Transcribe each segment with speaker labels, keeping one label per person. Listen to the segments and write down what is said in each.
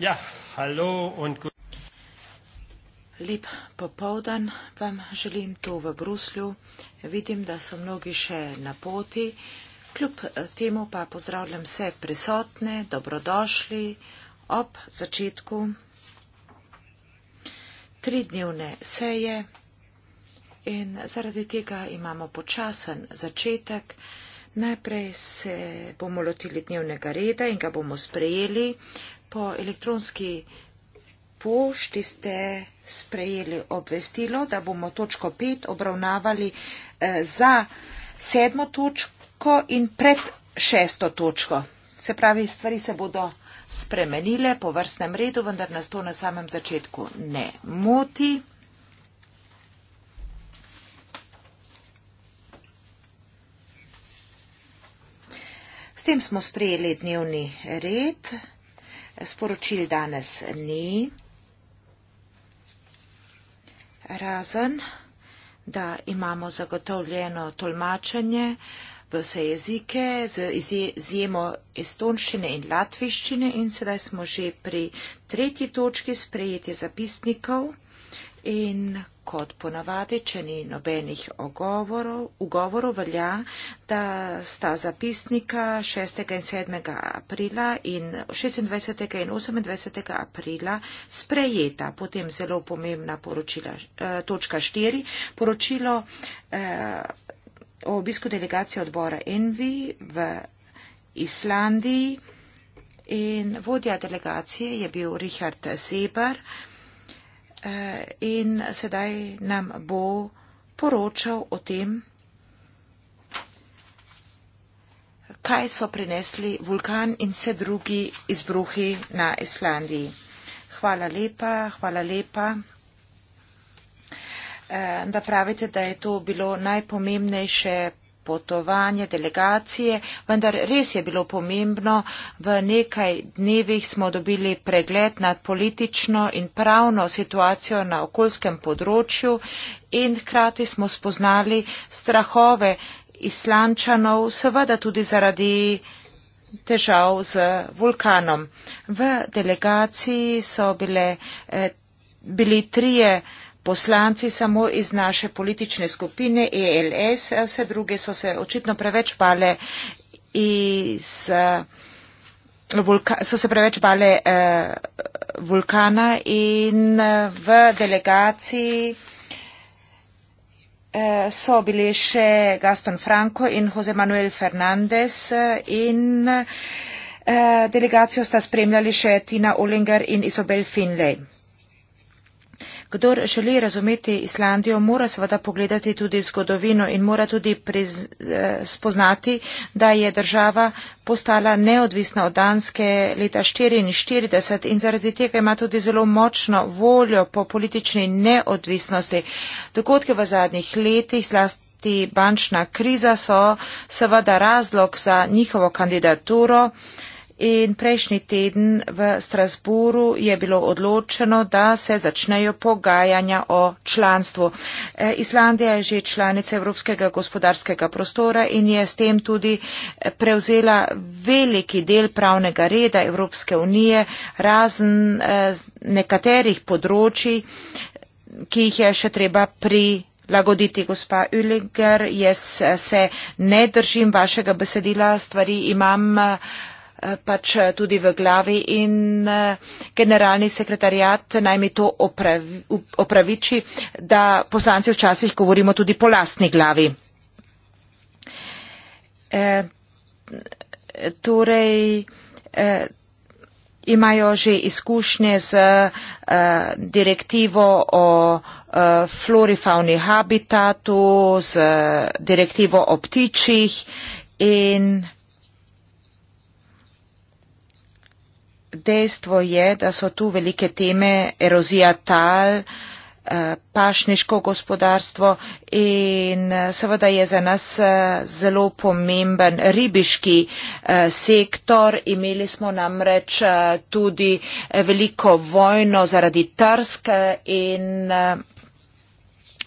Speaker 1: Ja, hallo und gut.
Speaker 2: Lep popovdan vam želim tu v Bruslju. Vidim, da so mnogi še na poti. Kljub eh, temu pa pozdravljam vse prisotne, dobrodošli ob začetku tridnevne seje in zaradi tega imamo počasen začetek. Najprej se bomo lotili dnevnega reda in ga bomo sprejeli po elektronski pošti ste sprejeli obvestilo, da bomo točko 5 obravnavali eh, za sedmo točko in pred šesto točko. Se pravi, stvari se bodo spremenile po vrstnem redu, vendar nas to na samem začetku ne moti. S tem smo sprejeli dnevni red sporočil danes ni, razen, da imamo zagotovljeno tolmačenje v vse jezike, z izjemo estonščine in latviščine in sedaj smo že pri tretji točki sprejeti zapisnikov in Kot ponavadi, če ni nobenih ugovorov, velja, da sta zapisnika 6. in 7. aprila in 26. in 28. aprila sprejeta. Potem zelo pomembna poročila, eh, točka 4, poročilo eh, o obisku delegacije odbora Envi v Islandiji. In vodja delegacije je bil Richard Seber. Eh, Eh, in sedaj nam bo poročal o tem, kaj so prinesli vulkan in vse drugi izbruhi na Islandiji. Hvala lepa, hvala lepa, eh, da pravite, da je to bilo najpomembnejše potovanje delegacije, vendar res je bilo pomembno, v nekaj dnevih smo dobili pregled nad politično in pravno situacijo na okoljskem področju in hkrati smo spoznali strahove islančanov, seveda tudi zaradi težav z vulkanom. V delegaciji so bile, eh, bili trije eh, poslanci samo iz naše politične skupine ELS, vse druge so se očitno preveč pale iz. Eh, so se preveč bale eh, vulkana in eh, v delegaciji eh, so bili še Gaston Franco in Jose Manuel Fernandez eh, in eh, delegacijo sta spremljali še Tina Ullinger in Isabel Finlay. Kdor želi razumeti Islandijo, mora seveda pogledati tudi zgodovino in mora tudi priz, eh, spoznati, da je država postala neodvisna od Danske leta 1944 in zaradi tega ima tudi zelo močno voljo po politični neodvisnosti. Dogodke v zadnjih letih zlasti bančna kriza so seveda razlog za njihovo kandidaturo. Eh, in prejšnji teden v Strasburu je bilo odločeno, da se začnejo pogajanja o članstvu. E, Islandija je že članica Evropskega gospodarskega prostora in je s tem tudi prevzela veliki del pravnega reda Evropske unije, razen e, nekaterih področji, ki jih je še treba pri. Lagoditi, gospa Ulinger, jaz se ne držim vašega besedila, stvari imam. Uh, Eh, pač eh, tudi v glavi in eh, generalni sekretarjat naj mi to opravi, opraviči, da poslanci včasih govorimo tudi po lastni glavi. E, torej, e, imajo že izkušnje z e, direktivo o e, florifavni habitatu, z direktivo o ptičih in dejstvo je, da so tu velike teme erozija tal, eh, pašniško gospodarstvo in eh, seveda je za nas eh, zelo pomemben ribiški sektor. Imeli smo namreč tudi veliko vojno zaradi trsk in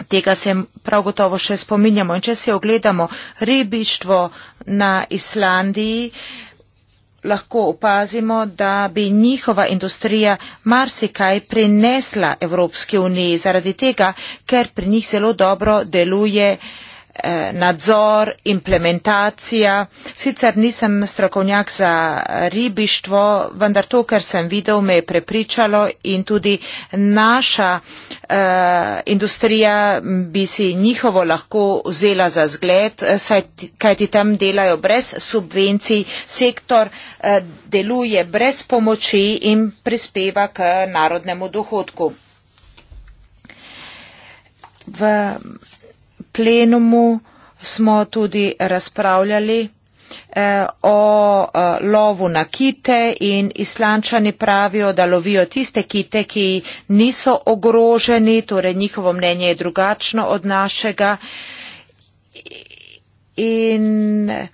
Speaker 2: tega se prav gotovo še spominjamo. In če si ogledamo ribištvo na Islandiji, lahko opazimo, da bi njihova industrija marsikaj prinesla Evropske unije zaradi tega, ker pri njih zelo dobro deluje Eh, nadzor, implementacija. Sicer nisem strokovnjak za ribištvo, vendar to, kar sem videl, me je prepričalo in tudi naša eh, industrija bi si njihovo lahko vzela za zgled, eh, saj, kaj ti tam delajo brez subvencij, sektor eh, deluje brez pomoči in prispeva k narodnemu dohodku. V plenumu smo tudi razpravljali eh, o eh, lovu na kite in islančani pravijo, da lovijo tiste kite, ki niso ogroženi, torej njihovo mnenje je drugačno od našega. In eh,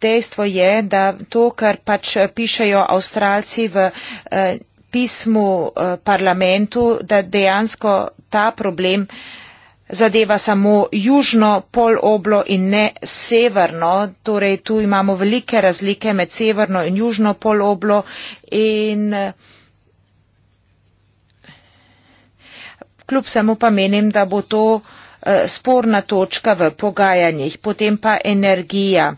Speaker 2: dejstvo je, da to, kar pač pišejo avstralci v pismu eh, parlamentu, da dejansko ta problem zadeva samo južno poloblo in ne severno. Torej, tu imamo velike razlike med severno in južno poloblo in eh, kljub samo pa menim, da bo to eh, sporna točka v pogajanjih, potem pa energija.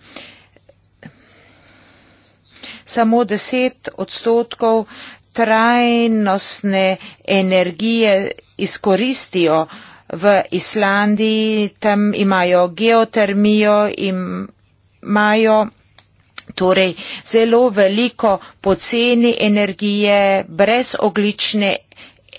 Speaker 2: Samo 10 odstotkov trajnostne energije izkoristijo. V Islandiji tam imajo geotermijo in imajo torej zelo veliko poceni energije, brez oglične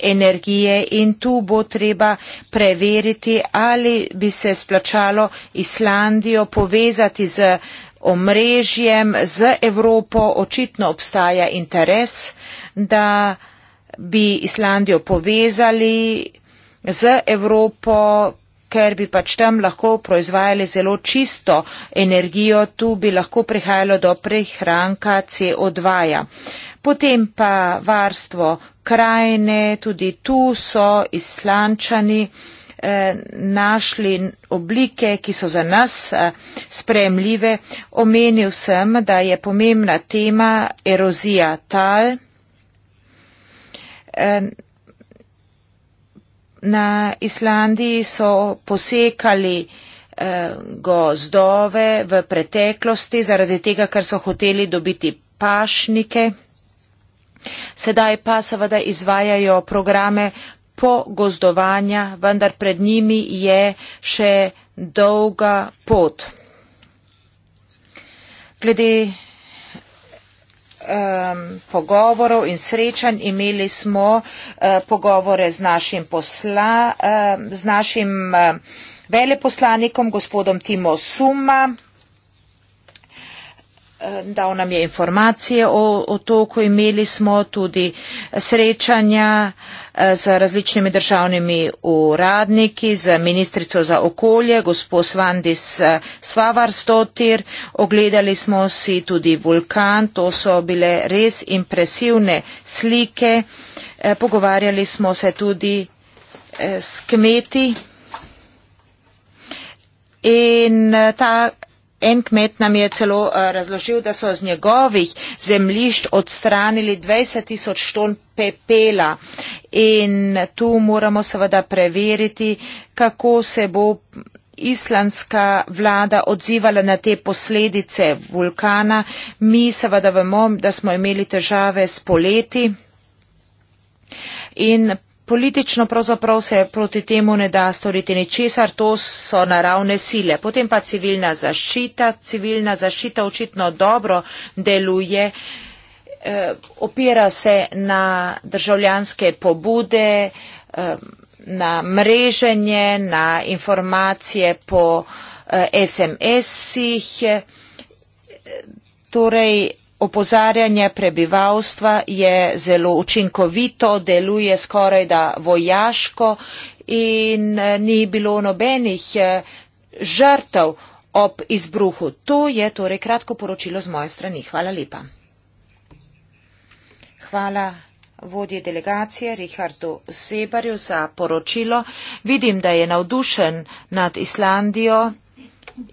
Speaker 2: energije in tu bo treba preveriti, ali bi se splačalo Islandijo povezati z omrežjem, z Evropo. Očitno obstaja interes. Uh, da bi Islandijo povezali z Evropo, ker bi pač tam lahko proizvajali zelo čisto energijo, tu bi lahko prihajalo do prehranka CO2. -ja. Potem pa varstvo krajine, tudi tu so islančani eh, našli oblike, ki so za nas eh, spremljive. Omenil sem, da je pomembna tema erozija tal. Eh, na Islandiji so posekali eh, gozdove v preteklosti zaradi tega, ker so hoteli dobiti pašnike. Sedaj pa seveda izvajajo programe po gozdovanja, vendar pred njimi je še dolga pot. Glede um, pogovorov in srečanj, imeli smo uh, pogovore z našim posla, uh, z našim uh, veleposlanikom, gospodom Timo Suma. Eh, dal nam je informacije o otoku, imeli smo tudi srečanja eh, z različnimi državnimi uradniki, z ministrico za okolje, gospod Svandis eh, Svavarstotir, ogledali smo si tudi vulkan, to so bile res impresivne slike, pogovarjali smo se tudi s kmeti. In ta en kmet nam je celo uh, razložil, da so z njegovih zemlišč odstranili 20 tisoč ton pepela. In tu moramo seveda preveriti, kako se bo islandska vlada odzivala na te posledice vulkana. Mi seveda vemo, da smo imeli težave s poleti. In Politično pravzaprav se proti temu ne da storiti ničesar, to so naravne sile. Potem pa civilna zaščita. Civilna zaščita očitno dobro deluje, eh, opira se na državljanske pobude, eh, na mreženje, na informacije po eh, SMS-ih. Torej, opozarjanje prebivalstva je zelo učinkovito, deluje skoraj da vojaško in eh, ni bilo nobenih eh, žrtev ob izbruhu. To je torej kratko poročilo z moje strani. Hvala lepa. Hvala vodje delegacije Richardu Sebarju za poročilo. Vidim, da je navdušen nad Islandijo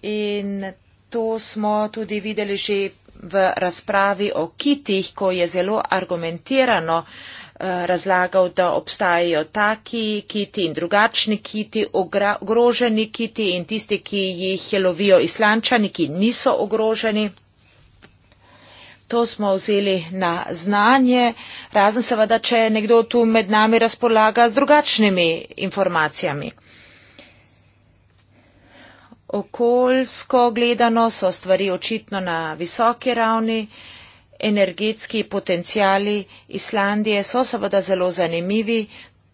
Speaker 2: in to smo tudi videli že v razpravi o kitih, ko je zelo argumentirano eh, razlagal, da obstajajo taki kiti in drugačni kiti, ogroženi kiti in tisti, ki jih lovijo islančani, ki niso ogroženi. To smo vzeli na znanje, razen seveda, če nekdo tu med nami razpolaga z drugačnimi informacijami okoljsko gledano so stvari očitno na visoki ravni. Energetski potencijali Islandije so seveda zelo zanimivi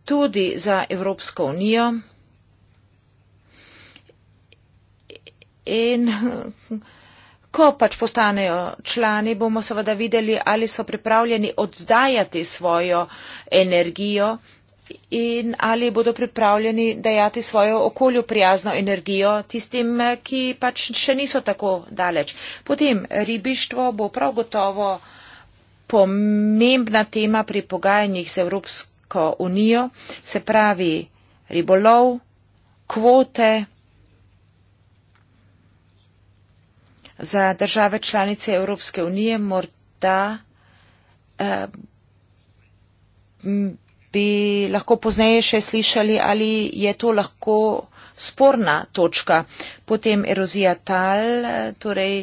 Speaker 2: tudi za Evropsko unijo. In ko pač postanejo člani, bomo seveda videli, ali so pripravljeni oddajati svojo energijo in ali bodo pripravljeni dajati svojo okolju prijazno energijo tistim, ki pač še niso tako daleč. Potem ribištvo bo prav gotovo pomembna tema pri pogajanjih z Evropsko unijo, se pravi ribolov, kvote za države članice Evropske unije, morda. Eh, bi lahko pozneje še slišali, ali je to lahko sporna točka. Potem erozija tal, torej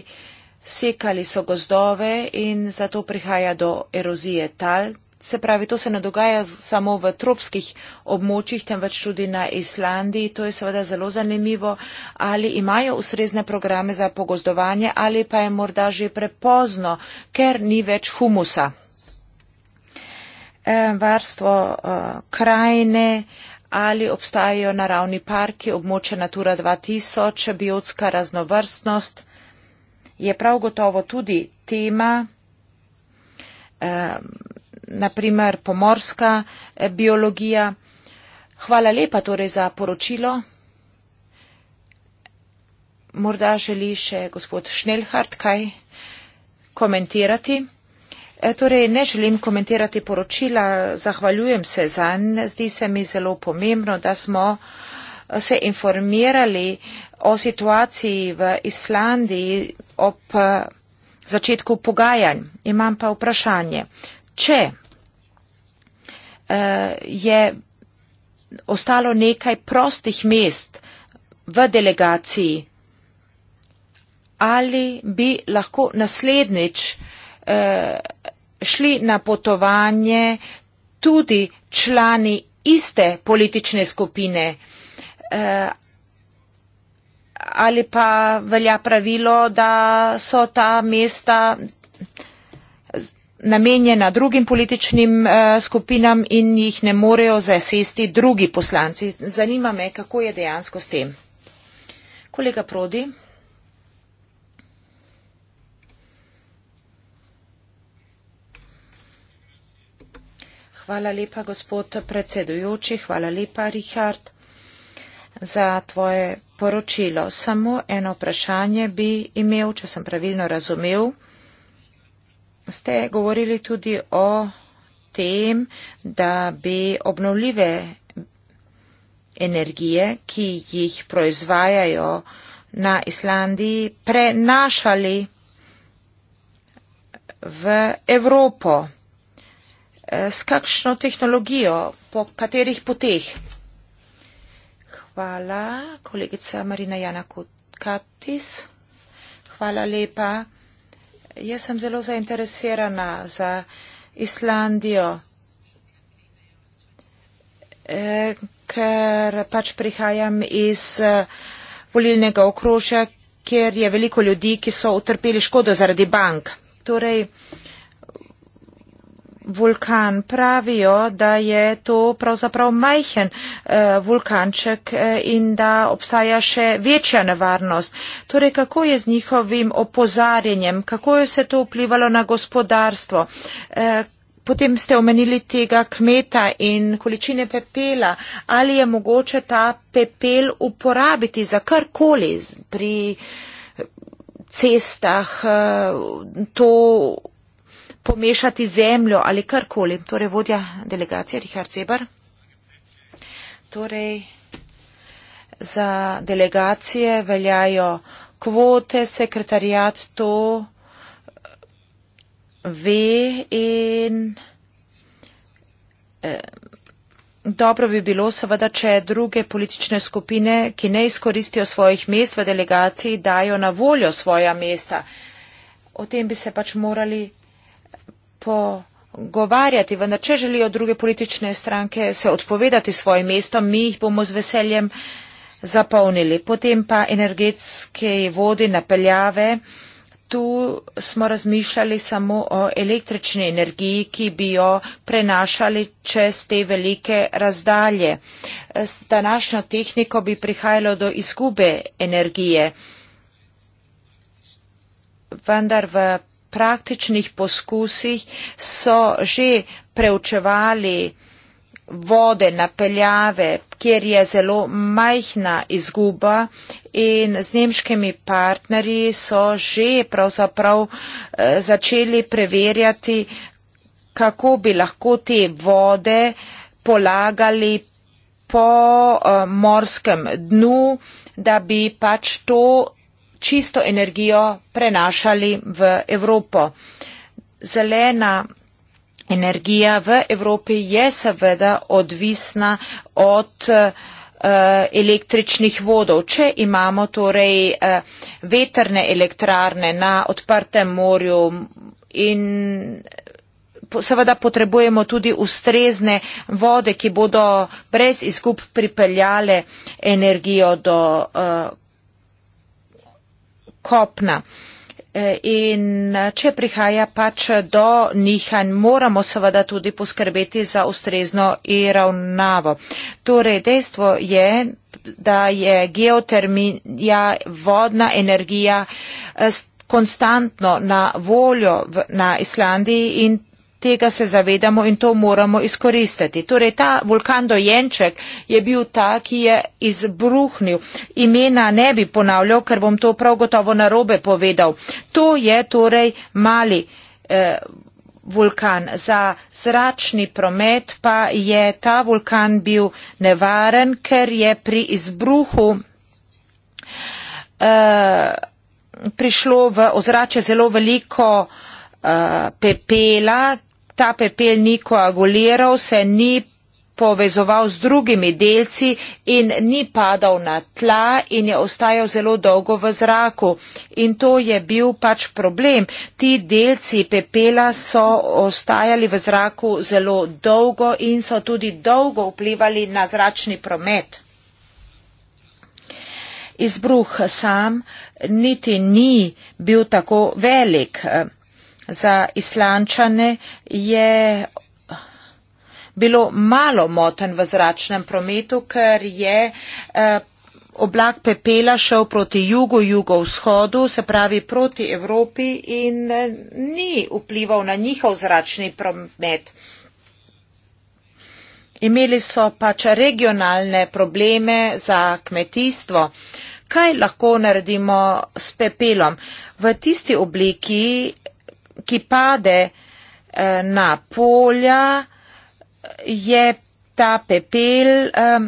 Speaker 2: sekali so gozdove in zato prihaja do erozije tal. Se pravi, to se ne dogaja samo v tropskih območjih, temveč tudi na Islandiji. To je seveda zelo zanimivo, ali imajo ustrezne programe za pogozdovanje ali pa je morda že prepozno, ker ni več humusa. Eh, varstvo eh, krajine ali obstajajo naravni parki, območje Natura 2000, biotska raznovrstnost, je prav gotovo tudi tema, eh, naprimer pomorska biologija. Hvala lepa torej za poročilo. Morda želi še gospod Šnelhart kaj komentirati. E, torej, ne želim komentirati poročila, zahvaljujem se za njega. Zdi se mi zelo pomembno, da smo eh, se informirali o situaciji v Islandiji ob eh, začetku pogajanj. Imam pa vprašanje, če eh, je ostalo nekaj prostih mest v delegaciji, ali bi lahko naslednjič šli na potovanje tudi člani iste politične skupine. Eh, ali pa velja pravilo, da so ta mesta namenjena drugim političnim eh, skupinam in jih ne morejo zasesti drugi poslanci. Zanima me, kako je dejansko s tem. Kolega Prodi. Hvala lepa, gospod predsedujoči. Hvala lepa, Richard, za tvoje poročilo. Samo eno vprašanje bi imel, če sem pravilno razumel. Ste govorili tudi o tem, da bi obnovljive energije, ki jih proizvajajo na Islandiji, prenašali v Evropo. Eh, s kakšno tehnologijo, po katerih poteh? Hvala, kolegica Marina Jana Kutkatis. Hvala lepa. Jaz sem zelo zainteresirana za Islandijo, eh, ker pač prihajam iz eh, volilnega okrožja, kjer je veliko ljudi, ki so utrpeli škodo zaradi bank. Torej, vulkan. Pravijo, da je to pravzaprav majhen eh, vulkanček eh, in da obstaja še večja nevarnost. Torej, kako je z njihovim opozarjanjem, kako je se to vplivalo na gospodarstvo? Eh, Potem ste omenili tega kmeta in količine pepela. Ali je mogoče ta pepel uporabiti za karkoli pri eh, cestah? Eh, to pomešati zemljo ali karkoli. Torej, vodja delegacije Richard Zeber. Torej, za delegacije veljajo kvote, sekretarijat to ve in eh, dobro bi bilo seveda, če druge politične skupine, ki ne izkoristijo svojih mest v delegaciji, dajo na voljo svoja mesta. O tem bi se pač morali pogovarjati, vendar če želijo druge politične stranke se odpovedati svojim mestom, mi jih bomo z veseljem zapolnili. Potem pa energetske vodi, napeljave. Tu smo razmišljali samo o električni energiji, ki bi jo prenašali čez te velike razdalje. S današnjo tehniko bi prihajalo do izgube energije. Vendar v praktičnih poskusih so že preučevali vode, napeljave, kjer je zelo majhna izguba in z nemškimi partnerji so že pravzaprav eh, začeli preverjati, kako bi lahko te vode polagali po eh, morskem dnu, da bi pač to čisto energijo prenašali v Evropo. Zelena energija v Evropi je seveda odvisna od eh, električnih vodov. Če imamo torej eh, veterne elektrarne na odprtem morju in seveda potrebujemo tudi ustrezne vode, ki bodo brez izgub pripeljale energijo do eh, kopna. E, in e, če prihaja pač do nihanj, moramo seveda tudi poskrbeti za ustrezno iravnavo. Torej, dejstvo je, da je geotermija vodna energija e, konstantno na voljo v, na Islandiji in tega se zavedamo in to moramo izkoristiti. Torej, ta vulkan dojenček je bil ta, ki je izbruhnil. Imena ne bi ponavljal, ker bom to prav gotovo narobe povedal. To je torej mali eh, vulkan. Za zračni promet pa je ta vulkan bil nevaren, ker je pri izbruhu eh, prišlo v ozračje zelo veliko eh, pepela, ta pepel ni koaguliral, se ni povezoval z drugimi delci in ni padal na tla in je ostajal zelo dolgo v zraku. In to je bil pač problem. Ti delci pepela so ostajali v zraku zelo dolgo in so tudi dolgo vplivali na zračni promet. Izbruh sam niti ni bil tako velik za islančane je bilo malo moten v zračnem prometu, ker je eh, oblak pepela šel proti jugu, jugovzhodu, se pravi proti Evropi in eh, ni vplival na njihov zračni promet. Imeli so pač regionalne probleme za kmetijstvo. Kaj lahko naredimo s pepelom? V tisti obliki ki pade eh, na polja, je ta pepel eh,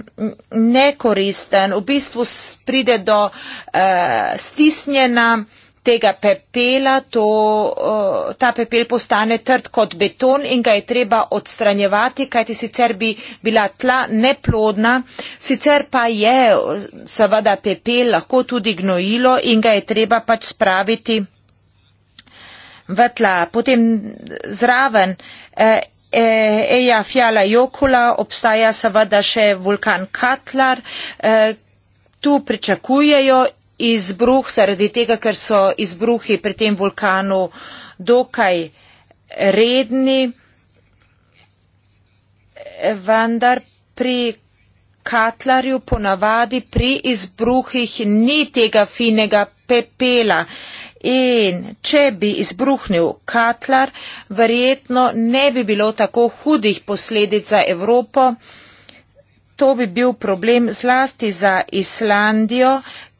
Speaker 2: nekoristen. V bistvu pride do eh, stisnjena tega pepela, to, ta pepel postane trd kot beton in ga je treba odstranjevati, kajti sicer bi bila tla neplodna, sicer pa je seveda pepel lahko tudi gnojilo in ga je treba pač spraviti vetla, potem zraven eh, eh, Eja Fjala Jokula obstaja seveda še vulkan Katlar. Eh, tu pričakujejo izbruh zaradi tega, ker so izbruhi pri tem vulkanu dokaj redni. Vendar pri Katlarju ponavadi pri izbruhih ni tega finega pepela. Eh, In če bi izbruhnil Katlar, verjetno ne bi bilo tako hudih posledic za Evropo. To bi bil problem zlasti za Islandijo,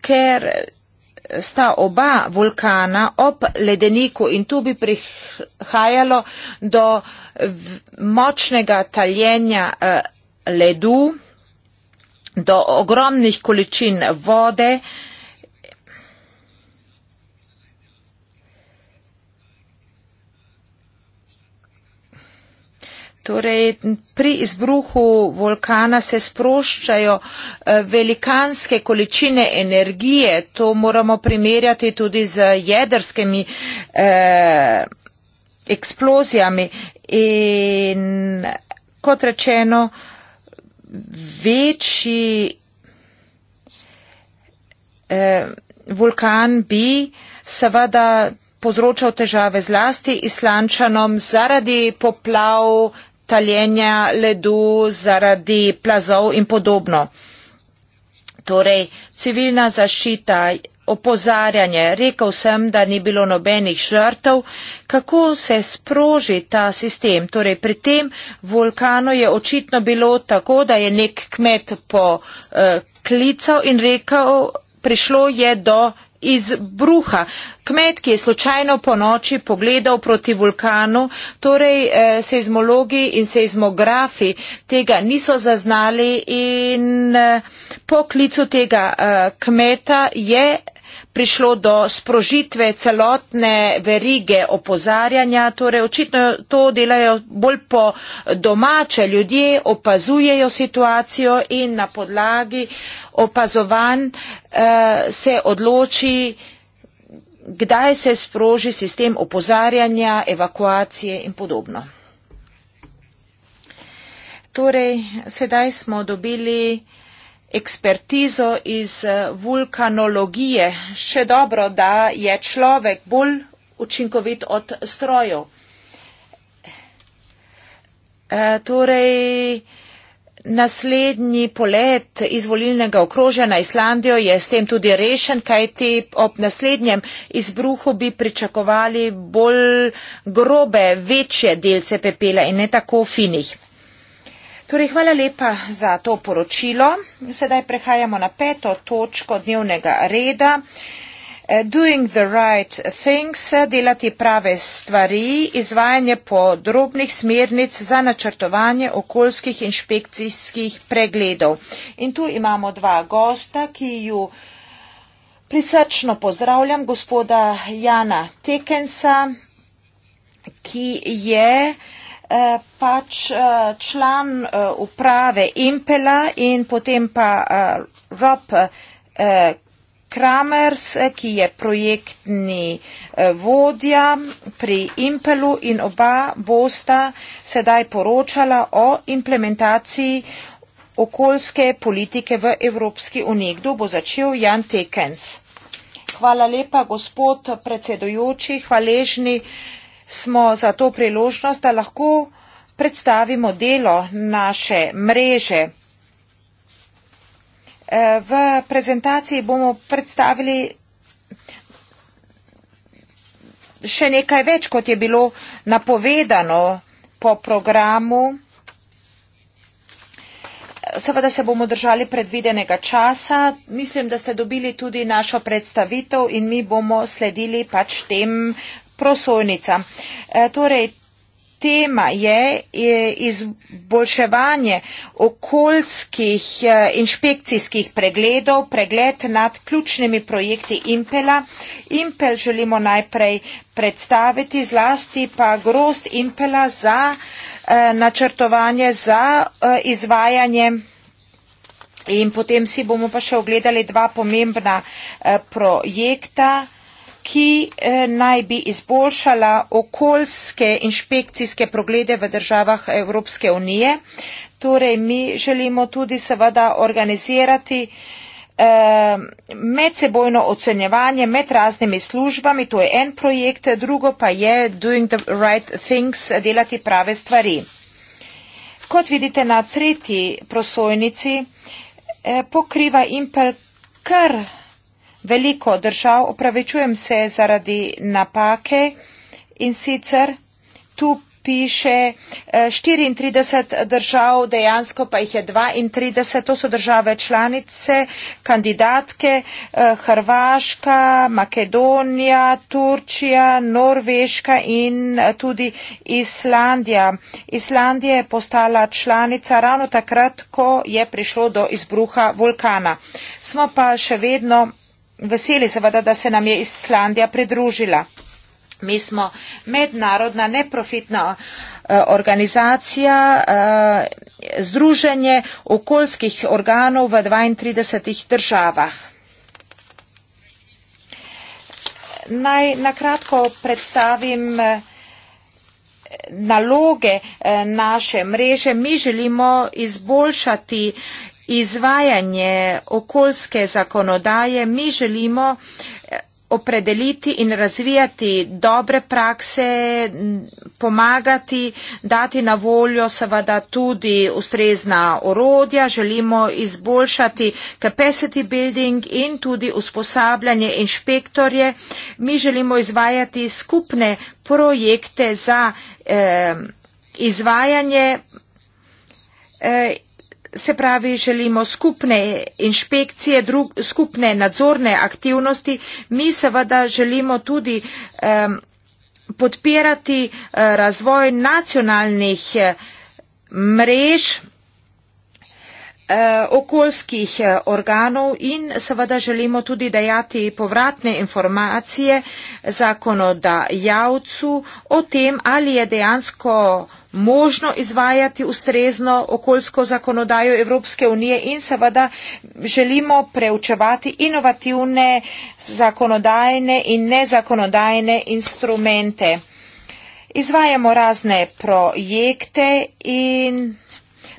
Speaker 2: ker sta oba vulkana ob ledeniku in tu bi prihajalo do močnega taljenja eh, ledu, do ogromnih količin vode. Torej, pri izbruhu vulkana se sproščajo eh, velikanske količine energije, to moramo primerjati tudi z jedrskimi eh, eksplozijami in kot rečeno, večji eh, vulkan bi seveda povzročal težave zlasti islančanom zaradi poplav, taljenja ledu zaradi plazov in podobno. Torej, civilna zaščita, opozarjanje, rekel sem, da ni bilo nobenih žrtev, kako se sproži ta sistem. Torej, pri tem vulkanu je očitno bilo tako, da je nek kmet poklical eh, uh, in rekel, prišlo je do izbruha. Kmet, ki je slučajno po noči pogledal proti vulkanu, torej eh, seizmologi in seizmografi tega niso zaznali in eh, po klicu tega eh, kmeta je prišlo do sprožitve celotne verige opozarjanja. Torej, očitno to delajo bolj po domače. Ljudje opazujejo situacijo in na podlagi opazovanj eh, se odloči, kdaj se sproži sistem opozarjanja, evakuacije in podobno. Torej, sedaj smo dobili ekspertizo iz eh, vulkanologije. Še dobro, da je človek bolj učinkovit od strojev. E, torej, naslednji polet izvolilnega okrožja na Islandijo je s tem tudi rešen, kajti ob naslednjem izbruhu bi pričakovali bolj grobe, večje delce pepela in ne tako finih. Torej, hvala lepa za to poročilo. Sedaj prehajamo na peto točko dnevnega reda. Eh, doing the right things, delati prave stvari, izvajanje podrobnih smernic za načrtovanje okoljskih inšpekcijskih pregledov. In tu imamo dva gosta, ki ju prisrčno pozdravljam, gospoda Jana Tekensa, ki je. Uh, Eh, pač eh, član eh, uprave Impela in potem pa Rob Kramers, ki je projektni vodja pri Impelu in oba bosta sedaj poročala o implementaciji okoljske politike v Evropski uniji. Kdo bo začel? Jan Tekens. Hvala lepa, gospod predsedujoči, hvaležni. Uh, smo za to priložnost, da lahko predstavimo delo naše mreže. E, v prezentaciji bomo predstavili še nekaj več, kot je bilo napovedano po programu. Seveda se bomo držali predvidenega časa. Mislim, da ste dobili tudi našo predstavitev in mi bomo sledili pač tem prosojnica. E, torej, tema je izboljševanje okoljskih e, inšpekcijskih pregledov, pregled nad ključnimi projekti Impela. Impel želimo najprej predstaviti, zlasti pa grost Impela za e, načrtovanje, za izvajanje in potem si bomo pa še ogledali dva pomembna projekta ki eh, naj bi izboljšala okoljske inšpekcijske proglede v državah Evropske unije. Torej, mi želimo tudi seveda organizirati eh, medsebojno ocenjevanje med raznimi službami, to je en projekt, drugo pa je doing the right things, delati prave stvari. Kot vidite na tretji prosojnici, eh, pokriva Impel kar veliko držav, opravičujem se zaradi napake in sicer tu piše 34 eh, držav, dejansko pa jih je 32, to so države članice, kandidatke eh, Hrvaška, Makedonija, Turčija, Norveška in eh, tudi Islandija. Islandija je postala članica ravno takrat, ko je prišlo do izbruha vulkana. Smo pa še vedno veseli seveda, da se nam je Islandija pridružila. Mi smo mednarodna neprofitna eh, organizacija, eh, združenje okoljskih organov v 32 državah. Naj nakratko predstavim eh, naloge naše mreže. Mi želimo izboljšati izvajanje okoljske zakonodaje mi želimo eh, opredeliti in razvijati dobre prakse, pomagati, dati na voljo seveda tudi ustrezna orodja, želimo izboljšati capacity building in tudi usposabljanje inšpektorje. Mi želimo izvajati skupne projekte za eh, izvajanje eh, se pravi, želimo skupne inšpekcije, drug, skupne nadzorne aktivnosti. Mi seveda želimo tudi um, podpirati uh, razvoj nacionalnih uh, mrež, Eh, okoljskih eh, organov in seveda želimo tudi dajati povratne informacije zakonodajalcu o tem, ali je dejansko možno izvajati ustrezno okoljsko zakonodajo Evropske unije in seveda želimo preučevati inovativne zakonodajne in nezakonodajne instrumente. Izvajamo razne projekte in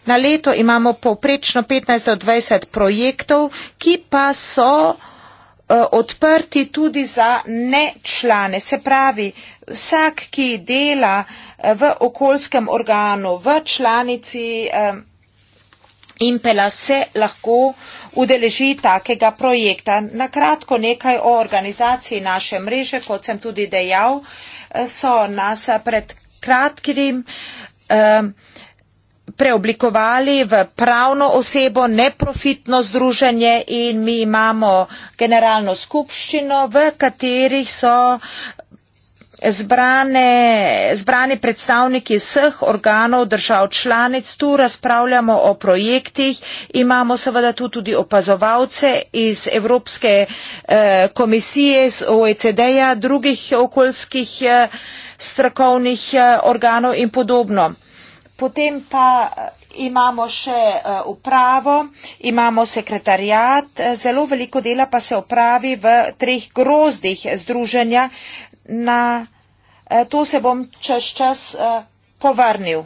Speaker 2: Na leto imamo povprečno 15 do 20 projektov, ki pa so eh, odprti tudi za nečlane. Se pravi, vsak, ki dela eh, v okoljskem organu, v članici eh, Impela, se lahko udeleži takega projekta. Na kratko nekaj o organizaciji naše mreže, kot sem tudi dejal, so nas pred kratkim. Um, preoblikovali v pravno osebo, neprofitno združenje in mi imamo generalno skupščino, v katerih so zbrane, zbrani predstavniki vseh organov držav članic. Tu razpravljamo o projektih, imamo seveda tu tudi opazovalce iz Evropske eh, komisije, iz OECD-ja, drugih okoljskih eh, strokovnih eh, organov in podobno. Potem pa eh, imamo še eh, upravo, imamo sekretarijat, eh, zelo veliko dela pa se opravi v treh grozdih združenja. Na to se bom čez čas
Speaker 1: povrnil.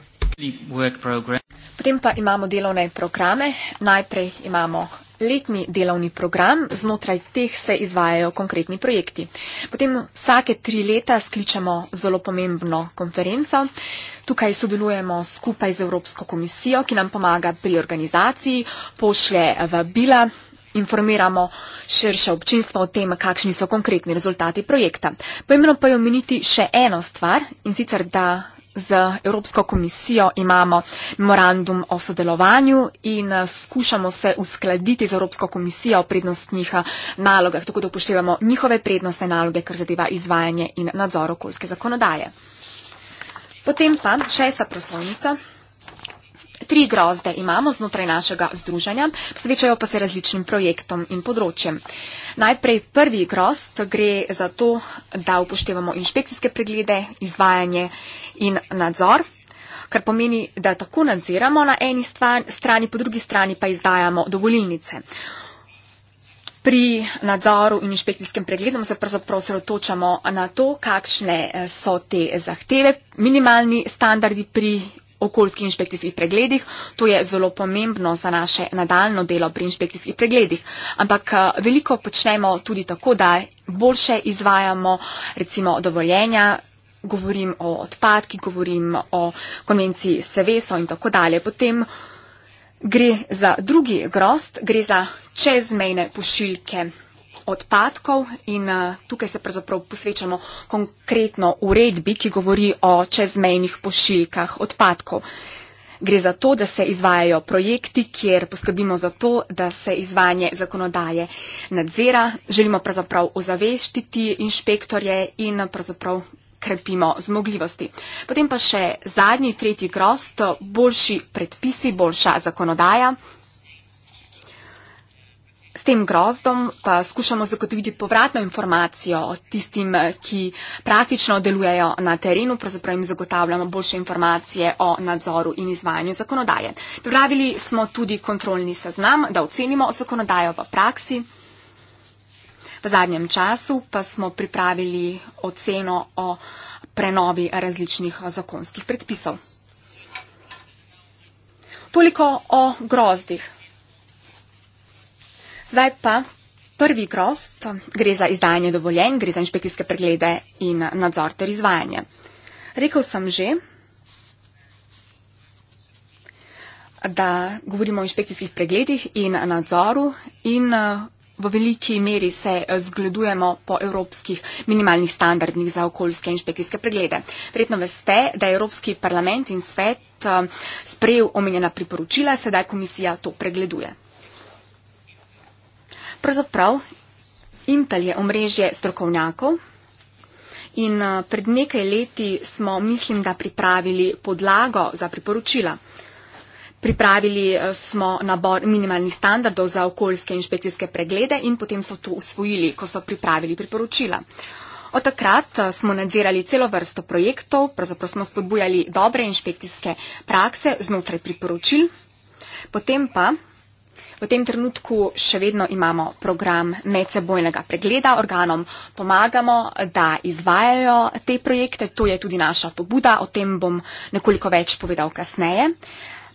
Speaker 1: Potem pa imamo delovne programe. Najprej imamo letni delovni program, znotraj teh se izvajajo konkretni projekti. Potem vsake tri leta skličemo zelo pomembno konferenco. Tukaj sodelujemo skupaj z Evropsko komisijo, ki nam pomaga pri organizaciji, pošlje v bila. Informiramo širše občinstvo o tem, kakšni so konkretni rezultati projekta. Pomembno pa je omeniti še eno stvar in sicer, da z Evropsko komisijo imamo memorandum o sodelovanju in eh, skušamo se uskladiti z Evropsko komisijo o prednostnih eh, nalogah, tako da upoštevamo njihove prednostne naloge, kar zadeva izvajanje in nadzor okoljske zakonodaje. Potem pa šesta proslovnica. Tri grozde imamo znotraj našega združanja, posvečajo pa se različnim projektom in področjem. Uh, Najprej prvi gros, to gre za to, da upoštevamo inšpekcijske preglede, izvajanje in nadzor, kar pomeni, da tako nadziramo na eni strani, po drugi strani pa izdajamo dovolilnice. Pri nadzoru in inšpekcijskem pregledu se pravzaprav osredotočamo na to, kakšne eh, so te zahteve, minimalni standardi pri okoljskih inšpekcijskih pregledih. To je zelo pomembno za naše nadaljno delo pri inšpekcijskih pregledih. Ampak eh, veliko počnemo tudi tako, da boljše izvajamo recimo dovoljenja. Govorim o odpadki, govorim o konvenciji Seveso in tako dalje. Potem gre za drugi grost, gre za čezmejne pošiljke odpadkov in eh, tukaj se pravzaprav posvečamo konkretno uredbi, ki govori o čezmejnih pošiljkah odpadkov. Gre za to, da se izvajajo projekti, kjer poskrbimo za to, da se izvajanje zakonodaje nadzira. Želimo pravzaprav ozaveščiti inšpektorje in pravzaprav krepimo zmogljivosti. Potem pa še zadnji, tretji grost, boljši predpisi, boljša zakonodaja. S tem grozdom pa skušamo zagotoviti povratno informacijo tistim, ki praktično delujejo na terenu, pravzaprav jim zagotavljamo boljše informacije o nadzoru in izvajanju zakonodaje. Pripravili smo tudi kontrolni seznam, da ocenimo zakonodajo v praksi. V zadnjem času pa smo pripravili oceno o prenovi različnih zakonskih predpisov. Toliko o grozdih. Zdaj pa prvi grost gre za izdajanje dovoljenj, gre za inšpekcijske preglede in nadzor ter izvajanje. Rekel sem že, da govorimo o inšpekcijskih pregledih in nadzoru in v veliki meri se zgledujemo po evropskih minimalnih standardnih za okoljske inšpekcijske preglede. Verjetno veste, da je Evropski parlament in svet sprejel omenjena priporočila, sedaj komisija to pregleduje pravzaprav Impel je omrežje strokovnjakov in eh, pred nekaj leti smo, mislim, da pripravili podlago za priporočila. Pripravili eh, smo nabor minimalnih standardov za okoljske inšpekcijske preglede in potem so to usvojili, ko so pripravili priporočila. Od takrat eh, smo nadzirali celo vrsto projektov, pravzaprav smo spodbujali dobre inšpekcijske prakse znotraj priporočil, potem pa V tem trenutku še vedno imamo program medsebojnega pregleda. Organom pomagamo, da izvajajo te projekte. To je tudi naša pobuda. O tem bom nekoliko več povedal kasneje.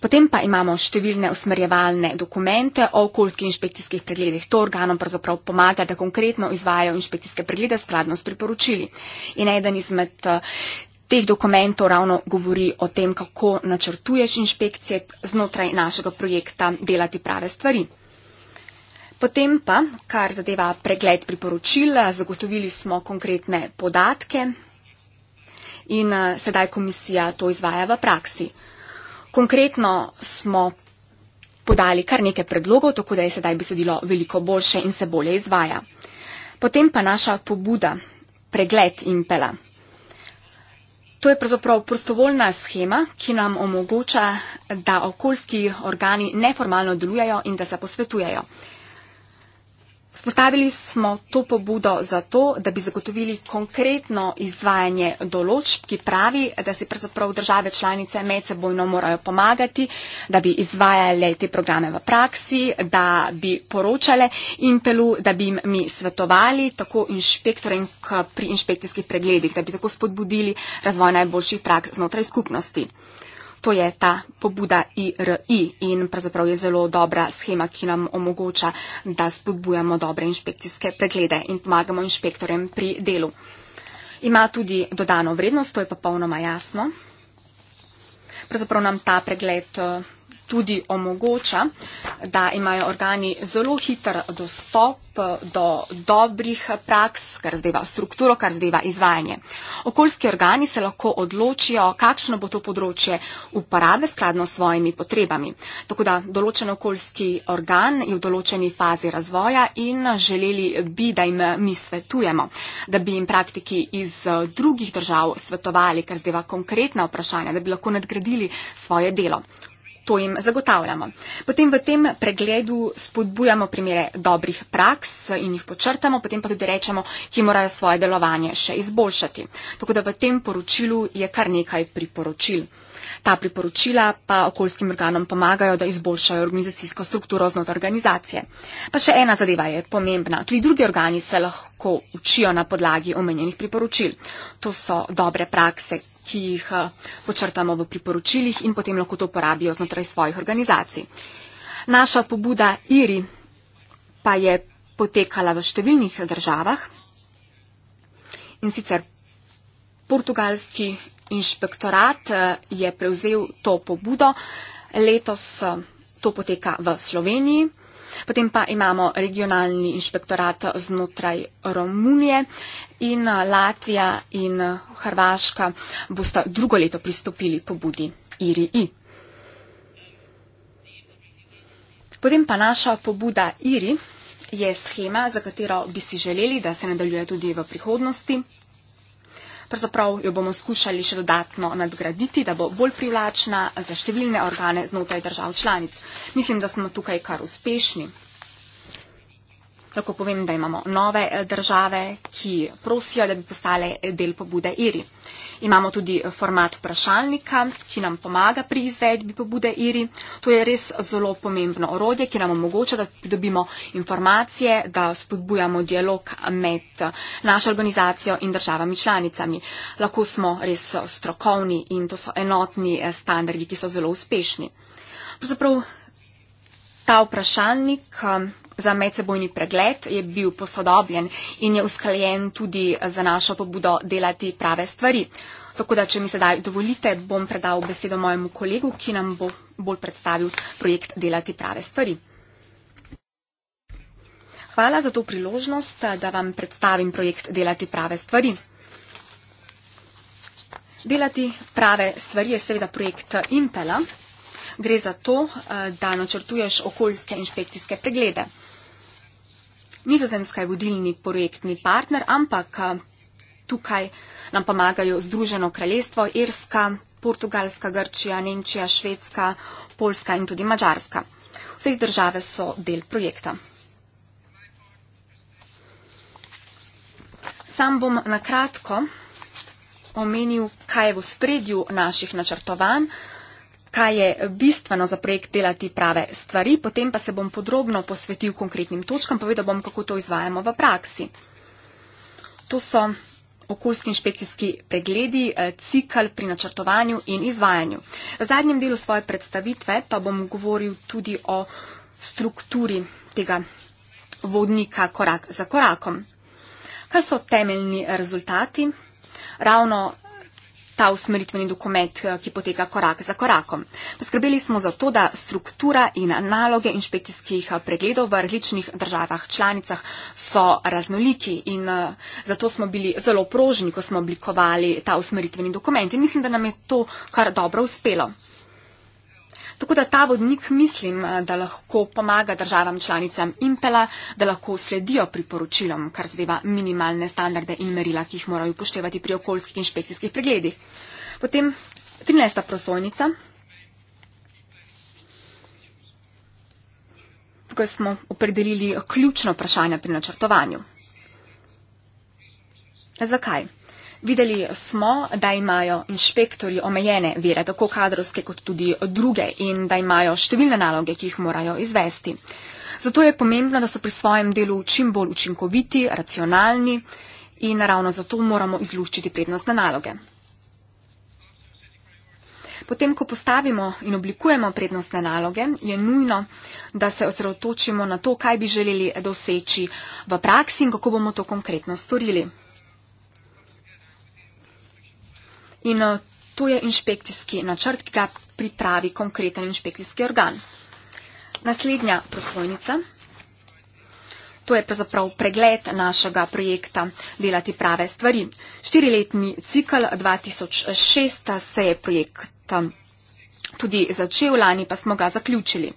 Speaker 1: Potem pa imamo številne usmerjevalne dokumente o okoljskih inšpekcijskih pregledih. To organom pravzaprav pomaga, da konkretno izvajo inšpekcijske preglede skladno s priporočili. In eden izmed teh dokumentov ravno govori o tem, kako načrtuješ inšpekcije znotraj našega projekta delati prave stvari. Potem pa, kar zadeva pregled priporočila, zagotovili smo konkretne podatke in eh, sedaj komisija to izvaja v praksi. Konkretno smo podali kar nekaj predlogov, tako da je sedaj besedilo veliko boljše in se bolje izvaja. Potem pa naša pobuda, pregled impela. In To je pravzaprav prostovoljna schema, ki nam omogoča, da okoljski organi neformalno delujejo in da se posvetujejo. Spostavili smo to pobudo zato, da bi zagotovili konkretno izvajanje določb, ki pravi, da se pravzaprav države članice med sebojno morajo pomagati, da bi izvajale te programe v praksi, da bi poročale in pelu, da bi jim mi svetovali tako inšpektorjem pri inšpekcijskih pregledih, da bi tako spodbudili razvoj najboljših praks znotraj skupnosti. To je ta pobuda IRI in pravzaprav je zelo dobra schema, ki nam omogoča, da spodbujamo dobre inšpekcijske preglede in pomagamo inšpektorjem pri delu. Ima tudi dodano vrednost, to je popolnoma jasno. Pravzaprav nam ta pregled eh, tudi omogoča, da imajo organi zelo hiter dostop eh, do dobrih praks, kar zdeva strukturo, kar zdeva izvajanje. Okoljski organi se lahko odločijo, kakšno bo to področje uporabe skladno s svojimi potrebami. Tako da določen okoljski organ je v določeni fazi razvoja in želeli bi, da jim eh, mi svetujemo, da bi jim praktiki iz eh, drugih držav svetovali, kar zdeva konkretna vprašanja, da bi lahko nadgradili svoje delo to jim zagotavljamo. Potem v tem pregledu spodbujamo primere dobrih praks in jih počrtamo, potem pa tudi rečemo, ki morajo svoje delovanje še izboljšati. Tako da v tem poročilu je kar nekaj priporočil. Ta priporočila pa okoljskim organom pomagajo, da izboljšajo organizacijsko strukturo znotraj organizacije. Pa še ena zadeva je pomembna. Tudi drugi organi se lahko učijo na podlagi omenjenih priporočil. To so dobre prakse, ki jih eh, počrtamo v priporočilih in potem lahko to uporabijo znotraj svojih organizacij. Naša pobuda IRI pa je potekala v številnih državah in sicer portugalski inšpektorat eh, je prevzel to pobudo. Letos eh, to poteka v Sloveniji. Potem pa imamo regionalni inšpektorat znotraj Romunije in eh, Latvija in eh, Hrvaška bosta drugo leto pristopili pobudi IRI. Potem pa naša pobuda IRI je schema, za katero bi si želeli, da se nadaljuje tudi v prihodnosti pravzaprav jo bomo skušali še dodatno nadgraditi, da bo bolj privlačna za številne organe znotraj držav članic. Mislim, da smo tukaj kar uspešni lahko povem, da imamo nove eh, države, ki prosijo, da bi postale eh, del pobude IRI. Imamo tudi eh, format vprašalnika, ki nam pomaga pri izvedbi pobude IRI. To je res zelo pomembno orodje, ki nam omogoča, da dobimo informacije, da spodbujamo dialog med našo organizacijo in državami članicami. Lahko smo res strokovni in to so enotni standardi, ki so zelo uspešni. Pravzaprav ta vprašalnik za medsebojni pregled, je bil posodobljen in je usklajen tudi za našo pobudo delati prave stvari. Tako da, če mi sedaj dovolite, bom predal besedo mojemu kolegu, ki nam bo bolj predstavil projekt Delati prave stvari. Hvala za to priložnost, da vam predstavim projekt Delati prave stvari. Delati prave stvari je seveda projekt Impela. Gre za to, eh, da načrtuješ okoljske inšpekcijske preglede. Nizozemska je vodilni projektni partner, ampak eh, tukaj nam pomagajo Združeno kraljestvo, Irska, Portugalska, Grčija, Nemčija, Švedska, Poljska in tudi Mačarska. Vse države so del projekta. Sam bom na kratko omenil, kaj je v spredju naših načrtovanj kaj je bistveno za projekt delati prave stvari, potem pa se bom podrobno posvetil konkretnim točkam, povedal bom, kako to izvajamo v praksi. To so okoljski inšpekcijski pregledi, eh, cikl pri načrtovanju in izvajanju. V zadnjem delu svoje predstavitve pa bom govoril tudi o strukturi tega vodnika korak za korakom. Kaj so temeljni rezultati? Ravno ta usmeritveni dokument, eh, ki poteka korak za korakom. Poskrbeli smo za to, da struktura in naloge inšpekcijskih eh, pregledov v različnih državah članicah so raznoliki in eh, zato smo bili zelo prožni, ko smo oblikovali ta usmeritveni dokument in mislim, da nam je to kar dobro uspelo. Tako da ta vodnik mislim, da lahko pomaga državam članicam Impela, da lahko sledijo priporočilom, kar zadeva minimalne standarde in merila, ki jih morajo upoštevati pri okoljskih inšpekcijskih pregledih. Potem 13. prosojnica. Tukaj smo opredelili ključno vprašanje pri načrtovanju. Zakaj? Videli smo, da imajo inšpektori omejene vere, tako kadrovske kot tudi druge, in da imajo številne naloge, ki jih morajo izvesti. Zato je pomembno, da so pri svojem delu čim bolj učinkoviti, racionalni in ravno zato moramo izluščiti prednostne naloge. Potem, ko postavimo in oblikujemo prednostne naloge, je nujno, da se osredotočimo na to, kaj bi želeli doseči v praksi in kako bomo to konkretno storili. In eh, to je inšpekcijski načrt, ki ga pripravi konkreten inšpekcijski organ. Naslednja prosojnica. To je pravzaprav pregled našega projekta Delati prave stvari. Štiriletni cikl 2006 se je projekt eh, tudi začel, lani pa smo ga zaključili.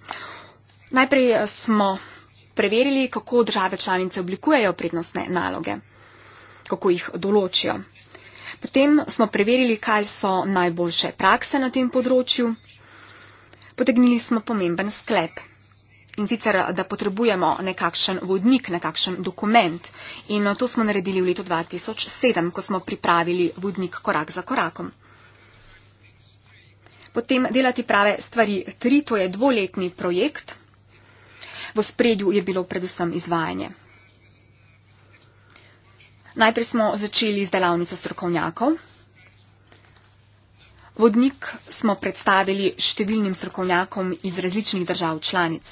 Speaker 1: Najprej eh, smo preverili, kako države članice oblikujejo prednostne naloge, kako jih določijo. Potem smo preverili, kaj so najboljše prakse na tem področju. Potegnili smo pomemben sklep. In sicer, da potrebujemo nekakšen vodnik, nekakšen dokument. In to smo naredili v letu 2007, ko smo pripravili vodnik korak za korakom. Potem delati prave stvari tri, to je dvoletni projekt. V spredju je bilo predvsem izvajanje. Najprej smo začeli z delavnico strokovnjakov. Vodnik smo predstavili številnim strokovnjakom iz različnih držav članic.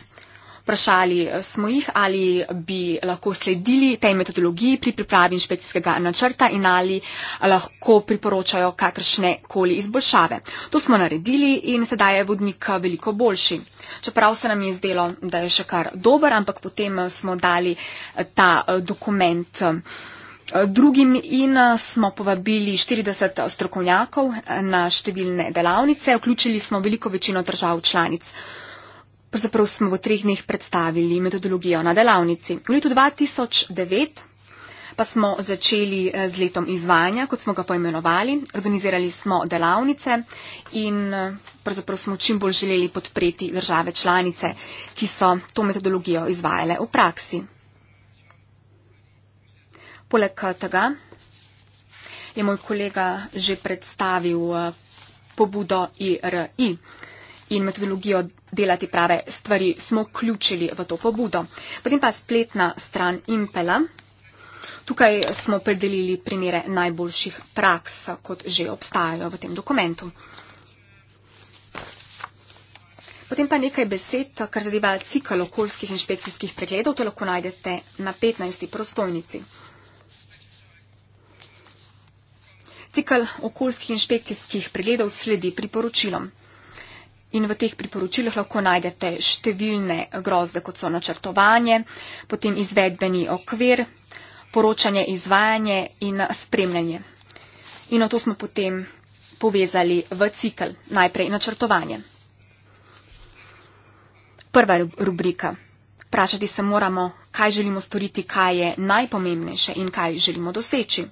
Speaker 1: Vprašali smo jih, ali bi lahko sledili tej metodologiji pri pripravi inšpekcijskega načrta in ali lahko priporočajo kakršne koli izboljšave. To smo naredili in sedaj je vodnik veliko boljši. Čeprav se nam je zdelo, da je še kar dober, ampak potem smo dali eh, ta eh, dokument. Drugim in eh, smo povabili 40 eh, strokovnjakov eh, na številne delavnice, vključili smo veliko večino držav članic. Pravzaprav smo v treh dneh predstavili metodologijo na delavnici. V letu 2009 pa smo začeli z letom izvajanja, kot smo ga poimenovali. Organizirali smo delavnice in pravzaprav smo čim bolj želeli podpreti države članice, ki so to metodologijo izvajale v praksi. Poleg eh, tega je moj kolega že predstavil eh, pobudo IRI in metodologijo delati prave stvari smo vključili v to pobudo. Potem pa spletna stran Impela. Tukaj smo predelili primere najboljših praks, eh, kot že obstajajo v tem dokumentu. Potem pa nekaj besed, kar zadeva cikl okoljskih inšpekcijskih pregledov, to lahko najdete na 15. prostojnici. Cikl okoljskih inšpekcijskih pregledov sledi priporočilom. In v teh priporočilih lahko najdete številne grozde, kot so načrtovanje, potem izvedbeni okvir, poročanje, izvajanje in spremljanje. In o to smo potem povezali v cikl. Najprej načrtovanje. Prva rubrika. Prašati se moramo, kaj želimo storiti, kaj je najpomembnejše in kaj želimo doseči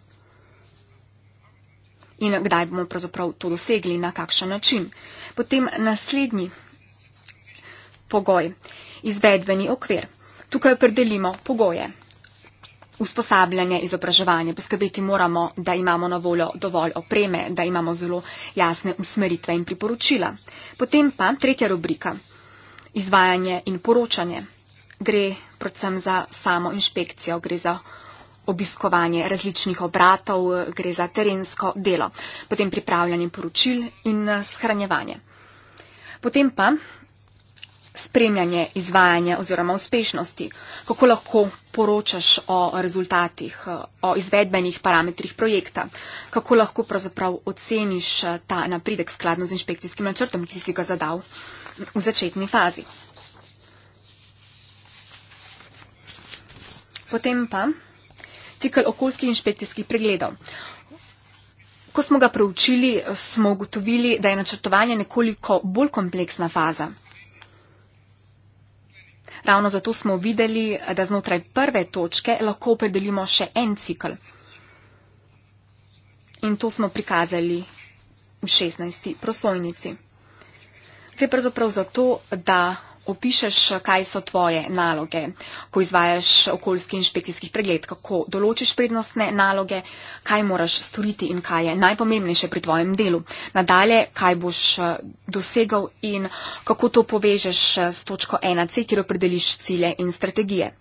Speaker 1: in kdaj bomo pravzaprav to dosegli, na kakšen način. Potem naslednji pogoj, izvedbeni okvir. Tukaj predelimo pogoje. Usposabljanje, izobraževanje. Poskrbeti moramo, da imamo na voljo dovolj opreme, da imamo zelo jasne usmeritve in priporočila. Potem pa tretja rubrika. Izvajanje in poročanje. Gre predvsem za samo inšpekcijo, gre za obiskovanje različnih obratov, gre za terensko delo, potem pripravljanje poročil in eh, shranjevanje. Potem pa spremljanje izvajanja oziroma uspešnosti, kako lahko poročaš o rezultatih, eh, o izvedbenih parametrih projekta, kako lahko pravzaprav oceniš eh, ta napredek skladno z inšpekcijskim načrtom, ki si ga zadal v začetni fazi. Potem pa cikl okoljskih inšpekcijskih pregledov. Ko smo ga preučili, smo ugotovili, da je načrtovanje nekoliko bolj kompleksna faza. Ravno zato smo videli, da znotraj prve točke lahko opredelimo še en cikl. In to smo prikazali v 16. prosojnici. Gre pravzaprav za to, da opišeš, kaj so tvoje naloge, ko izvajaš okoljski inšpekcijski pregled, kako določiš prednostne naloge, kaj moraš storiti in kaj je najpomembnejše pri tvojem delu. Nadalje, kaj boš eh, dosegal in kako to povežeš eh, s točko 1C, kjer opredeliš cilje in strategije.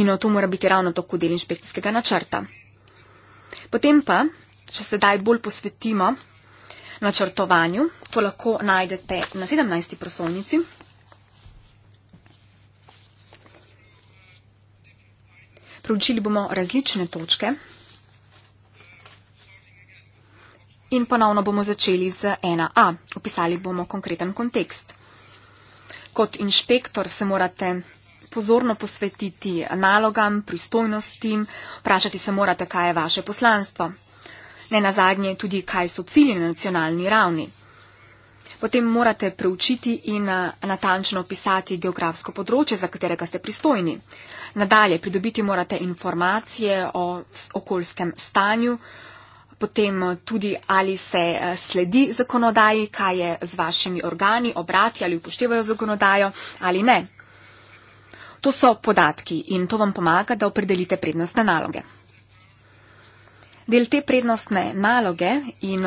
Speaker 1: In o to mora biti ravno tako del inšpekcijskega načrta. Potem pa, če se daj bolj posvetimo načrtovanju, to lahko najdete na 17. prosovnici. Proučili bomo različne točke in ponovno bomo začeli z 1a. Opisali bomo konkreten kontekst. Kot inšpektor se morate pozorno posvetiti nalogam, pristojnostim, vprašati se morate, kaj je vaše poslanstvo. Ne nazadnje tudi, kaj so cilji na nacionalni ravni potem morate preučiti in eh, natančno opisati geografsko področje, za katerega ste pristojni. Nadalje pridobiti morate informacije o okoljskem stanju, potem eh, tudi ali se eh, sledi zakonodaji, kaj je z vašimi organi, obrati ali upoštevajo zakonodajo ali ne. To so podatki in to vam pomaga, da opredelite prednostne naloge. Del te prednostne naloge in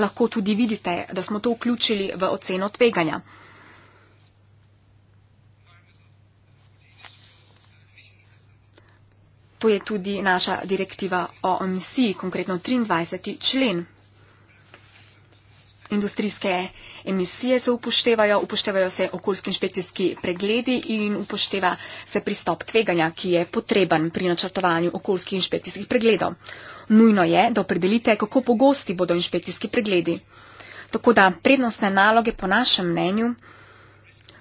Speaker 1: lahko tudi vidite, da smo to vključili v oceno tveganja. To je tudi naša direktiva o emisiji, konkretno 23. člen. Industrijske emisije se upoštevajo, upoštevajo se okoljski inšpekcijski pregledi in upošteva se pristop tveganja, ki je potreben pri načrtovanju okoljskih inšpekcijskih pregledov. Nujno je, da opredelite, kako pogosti bodo inšpekcijski pregledi. Tako da prednostne naloge, po našem mnenju,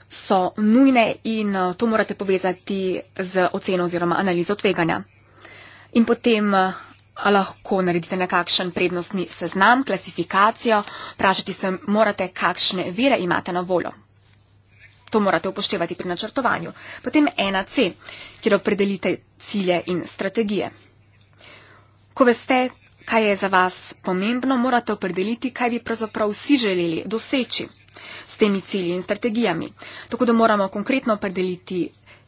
Speaker 1: so nujne in eh, to morate povezati z oceno oziroma analizo tveganja. In potem eh, lahko naredite nekakšen prednostni seznam, klasifikacijo, vprašati se morate, kakšne vire imate na voljo. To morate upoštevati pri načrtovanju. Potem 1C, kjer opredelite cilje in strategije. Ko veste, kaj je za vas pomembno, morate opredeliti, kaj bi pravzaprav vsi želeli doseči s temi cilji in strategijami. Tako da moramo konkretno opredeliti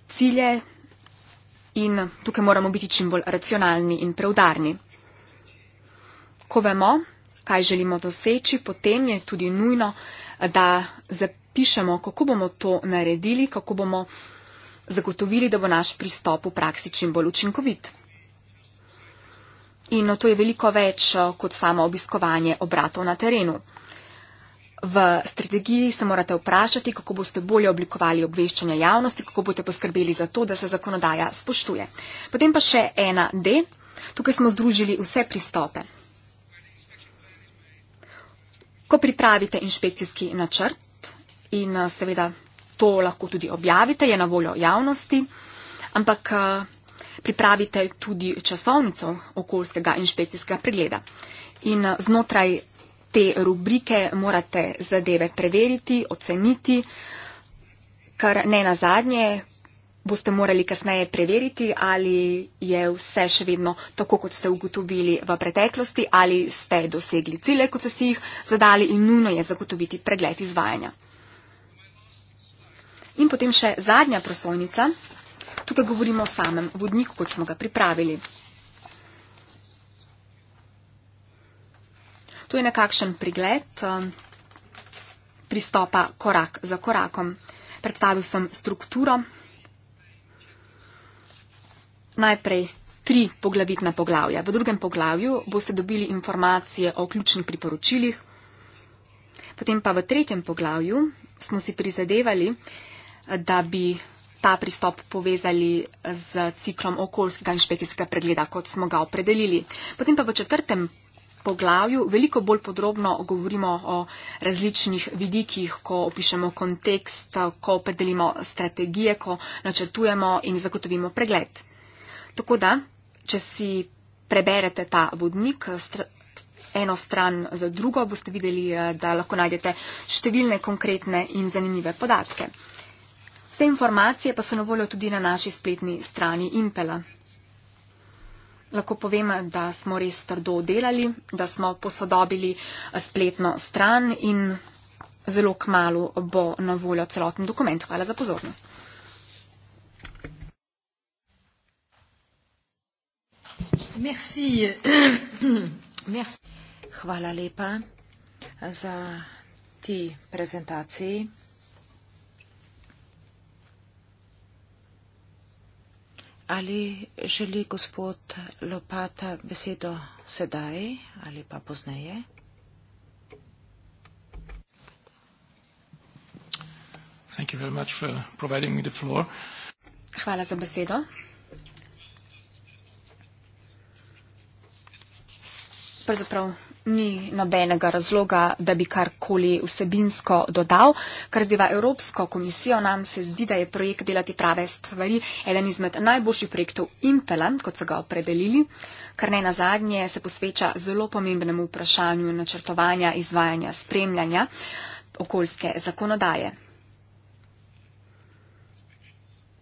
Speaker 1: cilje in tukaj moramo biti čim bolj racionalni in preudarni. Ko vemo, kaj želimo doseči, potem je tudi nujno, da zapišemo, kako bomo to naredili, kako bomo zagotovili, da bo naš pristop v praksi čim bolj učinkovit in to je veliko več eh, kot samo obiskovanje obratov na terenu. V strategiji se morate vprašati, kako boste bolje oblikovali obveščanje javnosti, kako boste poskrbeli za to, da se zakonodaja spoštuje. Potem pa še ena D. Tukaj smo združili vse pristope. Ko pripravite inšpekcijski načrt in eh, seveda to lahko tudi objavite, je na voljo javnosti, ampak eh, pripravite tudi časovnico okoljskega inšpekcijskega pregleda. In eh, znotraj te rubrike morate zadeve preveriti, oceniti, kar ne na zadnje boste morali kasneje preveriti, ali je vse še vedno tako, kot ste ugotovili v preteklosti, ali ste dosegli cilje, kot ste si jih zadali in nujno je zagotoviti pregled izvajanja. In potem še zadnja prosojnica. Tukaj govorimo o samem vodniku, kot smo ga pripravili. To je nekakšen pregled um, pristopa korak za korakom. Predstavil sem strukturo. Najprej tri poglavitna poglavja. V drugem poglavju boste dobili informacije o ključnih priporočilih. Potem pa v tretjem poglavju smo si prizadevali, da bi ta pristop povezali z ciklom okoljskega inšpekcijskega pregleda, kot smo ga opredelili. Potem pa v četrtem poglavju veliko bolj podrobno govorimo o različnih vidikih, ko opišemo kontekst, ko opredelimo strategije, ko načrtujemo in zagotovimo pregled. Tako da, če si preberete ta vodnik, eno stran za drugo, boste videli, eh, da lahko najdete številne konkretne in zanimive podatke. Vse informacije pa so na voljo tudi na naši spletni strani Impela. Lahko povem, da smo res trdo delali, da smo posodobili eh, spletno stran in zelo k malu bo na voljo celoten dokument. Hvala za pozornost.
Speaker 2: Merci. Merci. Hvala lepa za ti prezentaciji. Ali želi gospod Lopata besedo sedaj ali pa pozneje? Thank you very much for providing me the floor.
Speaker 1: Hvala za besedo. Pravzaprav ni nobenega razloga, da bi karkoli vsebinsko dodal, kar zdiva Evropsko komisijo. Nam se zdi, da je projekt Delati prave stvari eden izmed najboljših projektov Impelant, kot so ga opredelili, kar ne na zadnje se posveča zelo pomembnemu vprašanju načrtovanja, izvajanja, spremljanja okoljske zakonodaje.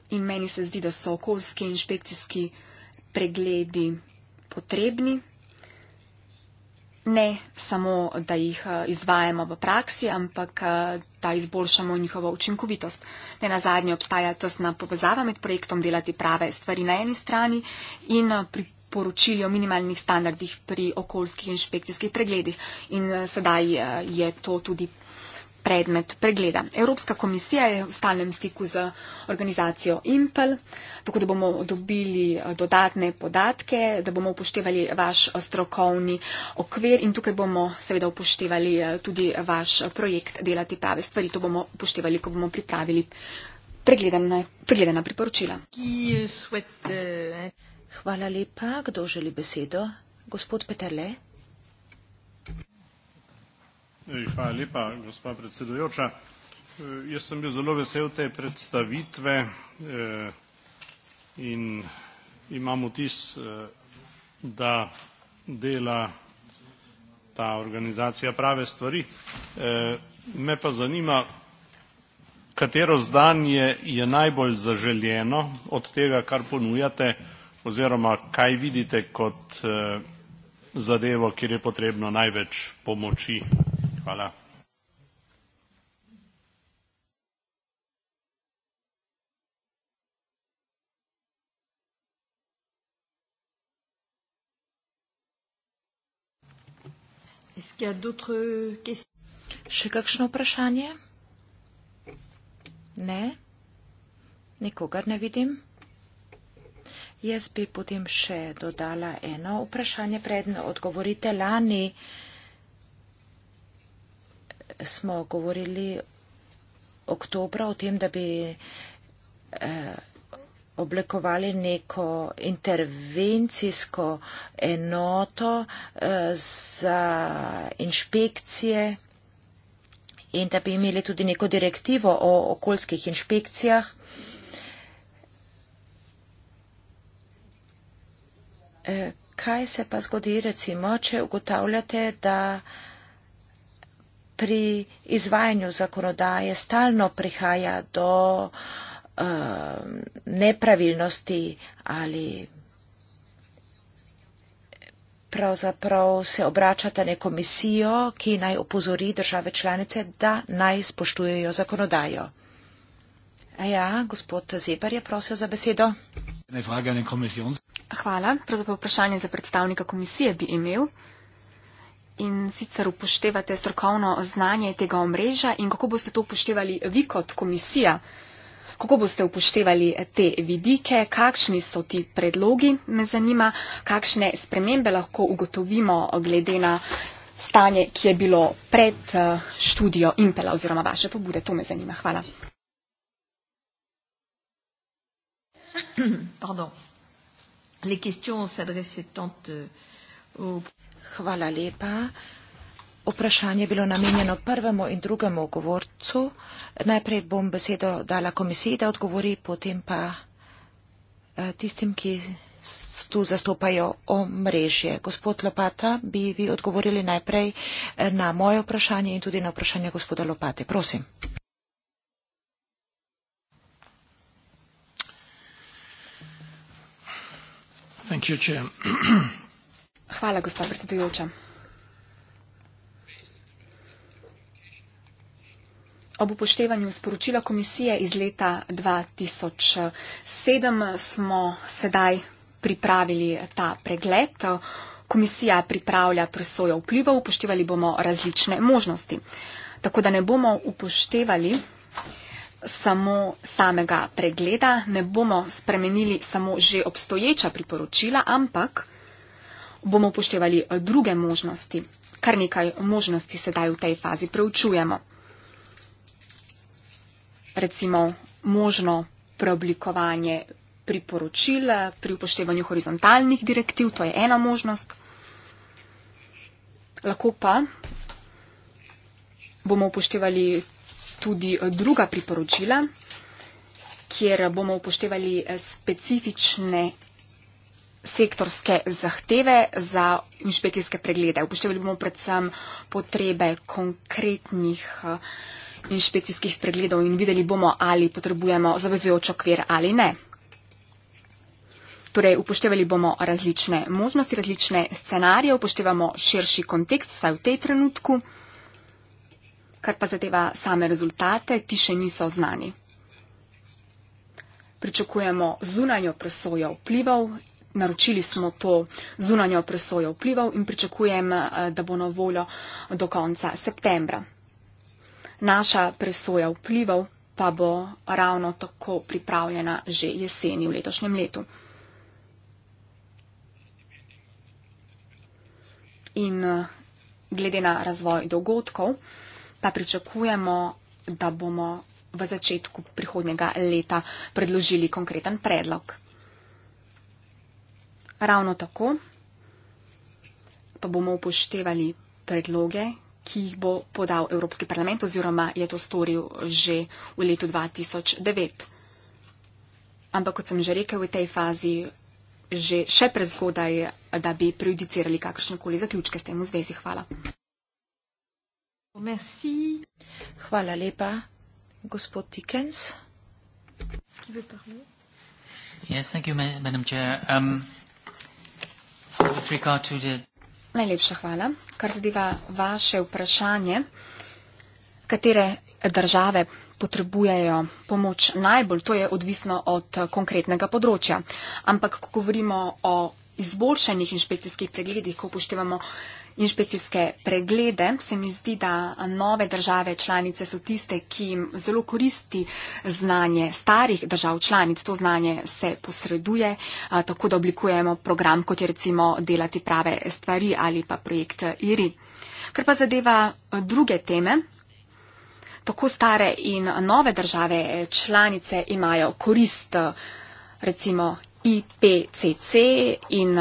Speaker 1: In meni se zdi, da so okoljski inšpekcijski pregledi potrebni ne samo, da jih eh, izvajamo v praksi, ampak eh, da izboljšamo njihovo učinkovitost. Ne na zadnje obstaja tesna povezava med projektom delati prave stvari na eni strani in eh, pri poročili o minimalnih standardih pri okoljskih inšpekcijskih pregledih. In sedaj je to tudi predmet pregleda. Evropska komisija je v stalnem stiku z organizacijo IMPL, tako da bomo dobili eh, dodatne podatke, da bomo upoštevali vaš eh, strokovni okvir in tukaj bomo seveda upoštevali eh, tudi vaš projekt Delati prave stvari. To bomo upoštevali, ko bomo pripravili pregledane, pregledana priporočila.
Speaker 2: Hvala lepa. Kdo želi besedo? Gospod Peterle? Hvala lepa, gospa predsedujoča. Eh, jaz sem bil zelo vesel te predstavitve eh, in imam vtis, eh, da dela ta organizacija prave stvari.
Speaker 3: Me pa zanima, katero zdanje je najbolj zaželjeno od tega, kar ponujate, oziroma kaj vidite kot zadevo, kjer je potrebno največ pomoči Hvala. Še
Speaker 2: kakšno vprašanje? Ne? Nikogar ne vidim? Jaz bi potem še dodala eno vprašanje, preden odgovorite lani smo govorili oktobra o tem, da bi eh, oblikovali neko intervencijsko enoto eh, za inšpekcije in da bi imeli tudi neko direktivo o okoljskih inšpekcijah. Eh, kaj se pa zgodi, recimo, če ugotavljate, da pri izvajanju zakonodaje stalno prihaja do uh, nepravilnosti ali pravzaprav se obračata na komisijo, ki naj opozori države članice, da naj spoštujejo zakonodajo. A ja, gospod Zebar
Speaker 1: je prosil za besedo. Hvala. Pravzaprav vprašanje za predstavnika komisije bi imel in sicer upoštevate strokovno znanje tega omrežja in kako boste to upoštevali vi kot komisija? Kako boste upoštevali te vidike, kakšni so ti predlogi, me zanima, kakšne spremembe lahko ugotovimo glede na stanje, ki je bilo pred eh, študijo Impela oziroma vaše pobude. To me zanima. Hvala. Pardon. Les questions s'adressaient tant euh,
Speaker 2: aux... Hvala lepa. Vprašanje je bilo namenjeno prvemu in drugemu govorcu. Najprej bom besedo dala komisiji, da odgovori, potem pa eh, tistim, ki tu zastopajo omrežje. Gospod Lopata, bi vi odgovorili najprej eh, na moje vprašanje in tudi na vprašanje gospoda Lopate. Prosim. Thank you, Chair.
Speaker 1: Hvala, gospa predsedujoča. Ob upoštevanju sporočila komisije iz leta 2007 smo sedaj pripravili ta pregled. Komisija pripravlja presojo vplivov, upoštevali bomo različne možnosti. Tako da ne bomo upoštevali samo samega pregleda, ne bomo spremenili samo že obstoječa priporočila, ampak bomo upoštevali eh, druge možnosti. Kar nekaj možnosti sedaj v tej fazi preučujemo. Recimo možno preoblikovanje priporočil eh, pri upoštevanju horizontalnih direktiv, to je ena možnost. Lahko pa bomo upoštevali tudi eh, druga priporočila, kjer bomo upoštevali specifične sektorske zahteve za inšpekcijske preglede. Upoštevali bomo predvsem potrebe konkretnih eh, inšpekcijskih pregledov in videli bomo, ali potrebujemo zavezujoč okvir ali ne. Torej, upoštevali bomo različne možnosti, različne scenarije, upoštevamo širši kontekst, vsaj v tej trenutku, kar pa zadeva same rezultate, ki še niso znani. Pričakujemo zunanjo presojo vplivov naročili smo to zunanjo presojo vplivov in pričakujem, eh, da bo na voljo do konca septembra. Naša presoja vplivov pa bo ravno tako pripravljena že jeseni v letošnjem letu. In eh, glede na razvoj dogodkov, pa pričakujemo, da bomo v začetku prihodnjega leta predložili konkreten predlog. Ravno tako pa bomo upoštevali predloge, ki jih bo podal Evropski parlament oziroma je to storil že v letu 2009. Ampak kot sem že rekel, v tej fazi že še prezgodaj, da bi prejudicirali kakršnekoli zaključke s tem v zvezi. Hvala.
Speaker 2: Merci.
Speaker 1: Hvala lepa, gospod Dickens.
Speaker 3: Yes, thank you, Madam Chair. Um,
Speaker 1: Najlepša hvala. Kar zadeva vaše vprašanje, katere države potrebujejo pomoč najbolj, to je odvisno od konkretnega področja. Ampak, ko govorimo o izboljšanih inšpekcijskih pregledih, ko upoštevamo inšpekcijske preglede. Se mi zdi, da nove države članice so tiste, ki jim zelo koristi znanje starih držav članic. To znanje se posreduje, tako da oblikujemo program, kot je recimo delati prave stvari ali pa projekt IRI. Ker pa zadeva druge teme. Tako stare in nove države e, članice imajo korist recimo IPCC in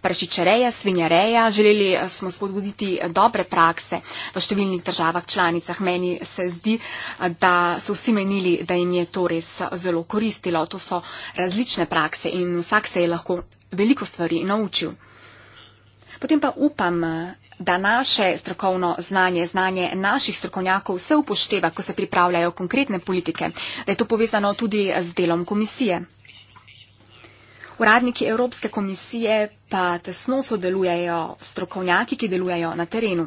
Speaker 1: pršičereja, svinjareja. Želeli eh, smo spodbuditi eh, dobre prakse v številnih državah članicah. Meni se zdi, eh, da so vsi menili, da jim je to res zelo koristilo. To so različne prakse in vsak se je lahko veliko stvari naučil. Potem pa upam, da naše strokovno znanje, znanje naših strokovnjakov se upošteva, ko se pripravljajo konkretne politike, da je to povezano tudi z delom komisije. Uradniki Evropske komisije pa tesno sodelujejo s strokovnjaki, ki delujejo na terenu.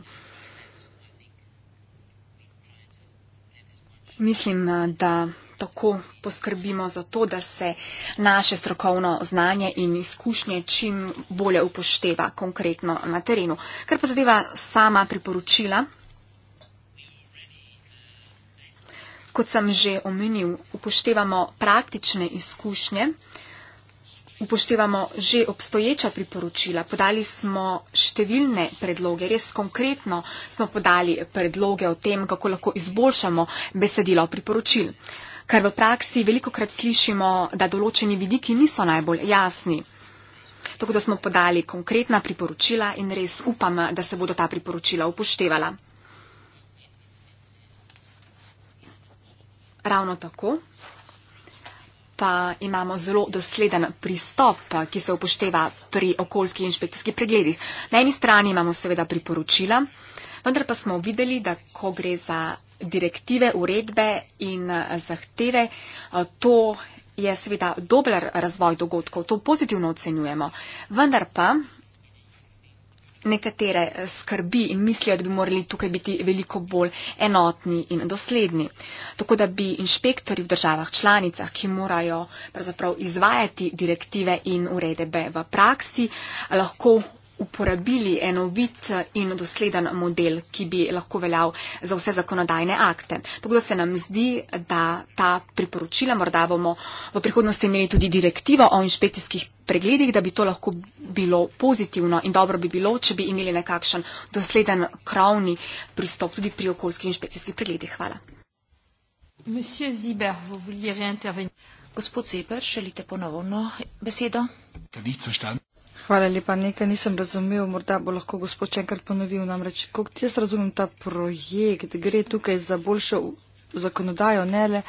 Speaker 1: Mislim, da tako poskrbimo za to, da se naše strokovno znanje in izkušnje čim bolje upošteva konkretno na terenu. Kar pa zadeva sama priporočila, kot sem že omenil, upoštevamo praktične izkušnje upoštevamo že obstoječa priporočila, podali smo številne predloge, res konkretno smo podali predloge o tem, kako lahko izboljšamo besedilo priporočil. Ker v praksi veliko krat slišimo, da določeni vidiki niso najbolj jasni. Tako da smo podali konkretna priporočila in res upam, da se bodo ta priporočila upoštevala. Ravno tako pa imamo zelo dosleden pristop, ki se upošteva pri okoljskih inšpekcijskih pregledih. Na eni strani imamo seveda priporočila, vendar pa smo videli, da ko gre za direktive, uredbe in eh, zahteve, eh, to je seveda dober razvoj dogodkov, to pozitivno ocenjujemo. Vendar pa nekatere eh, skrbi in mislijo, da bi morali tukaj biti veliko bolj enotni in dosledni. Tako da bi inšpektori v državah članicah, ki morajo pravzaprav izvajati direktive in uredebe v praksi, lahko uporabili enovit in dosleden model, ki bi lahko veljal za vse zakonodajne akte. Tako da se nam zdi, da ta priporočila morda bomo v prihodnosti imeli tudi direktivo o inšpekcijskih pregledih, da bi to lahko bilo pozitivno in dobro bi bilo, če bi imeli nekakšen dosleden kravni pristop tudi pri okoljskih inšpekcijskih pregledih. Hvala.
Speaker 3: Gospod Zeber, želite ponovno besedo? Hvala lepa. Nekaj nisem razumel, morda bo lahko gospod še enkrat ponovil. Namreč, kako jaz razumem ta projekt, gre tukaj za boljšo zakonodajo, ne le,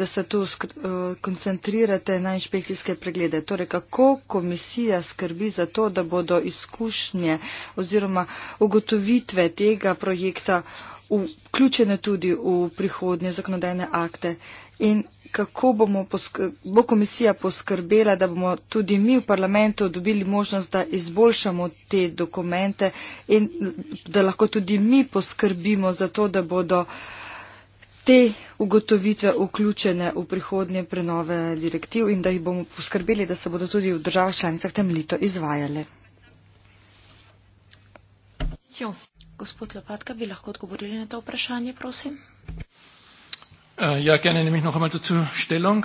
Speaker 3: da se tu skr, uh, koncentrirate na inšpekcijske preglede. Torej, kako komisija skrbi za to, da bodo izkušnje oziroma ugotovitve tega projekta vključene tudi v prihodnje zakonodajne akte. In kako bomo poskr bo komisija poskrbela, da bomo tudi mi v parlamentu dobili možnost, da izboljšamo te dokumente in da lahko tudi mi poskrbimo za to, da bodo te ugotovitve vključene v prihodnje prenove direktiv in da jih bomo poskrbeli, da se bodo tudi v državah članicah temeljito izvajale.
Speaker 2: Gospod Lopatka, bi lahko odgovorili na to vprašanje, prosim?
Speaker 1: Eh, ja, gerne nehme ich noch einmal dazu Stellung.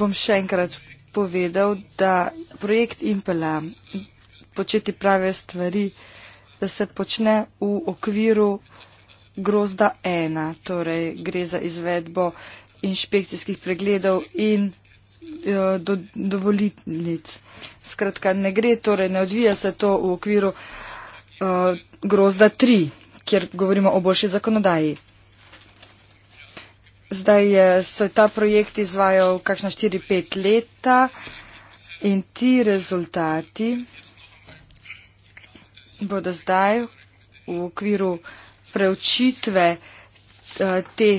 Speaker 1: Bom
Speaker 3: še enkrat povedal, da projekt Impela početi prave stvari, da se počne v okviru grozda ena, torej gre za izvedbo inšpekcijskih pregledov in eh, do, dovolitnic. Skratka, ne gre, torej ne odvija se to v okviru uh, grozda tri, kjer govorimo o boljši zakonodaji. Zdaj eh, se ta projekt izvajal kakšna 4-5 leta in ti rezultati bodo zdaj v okviru preučitve eh, te,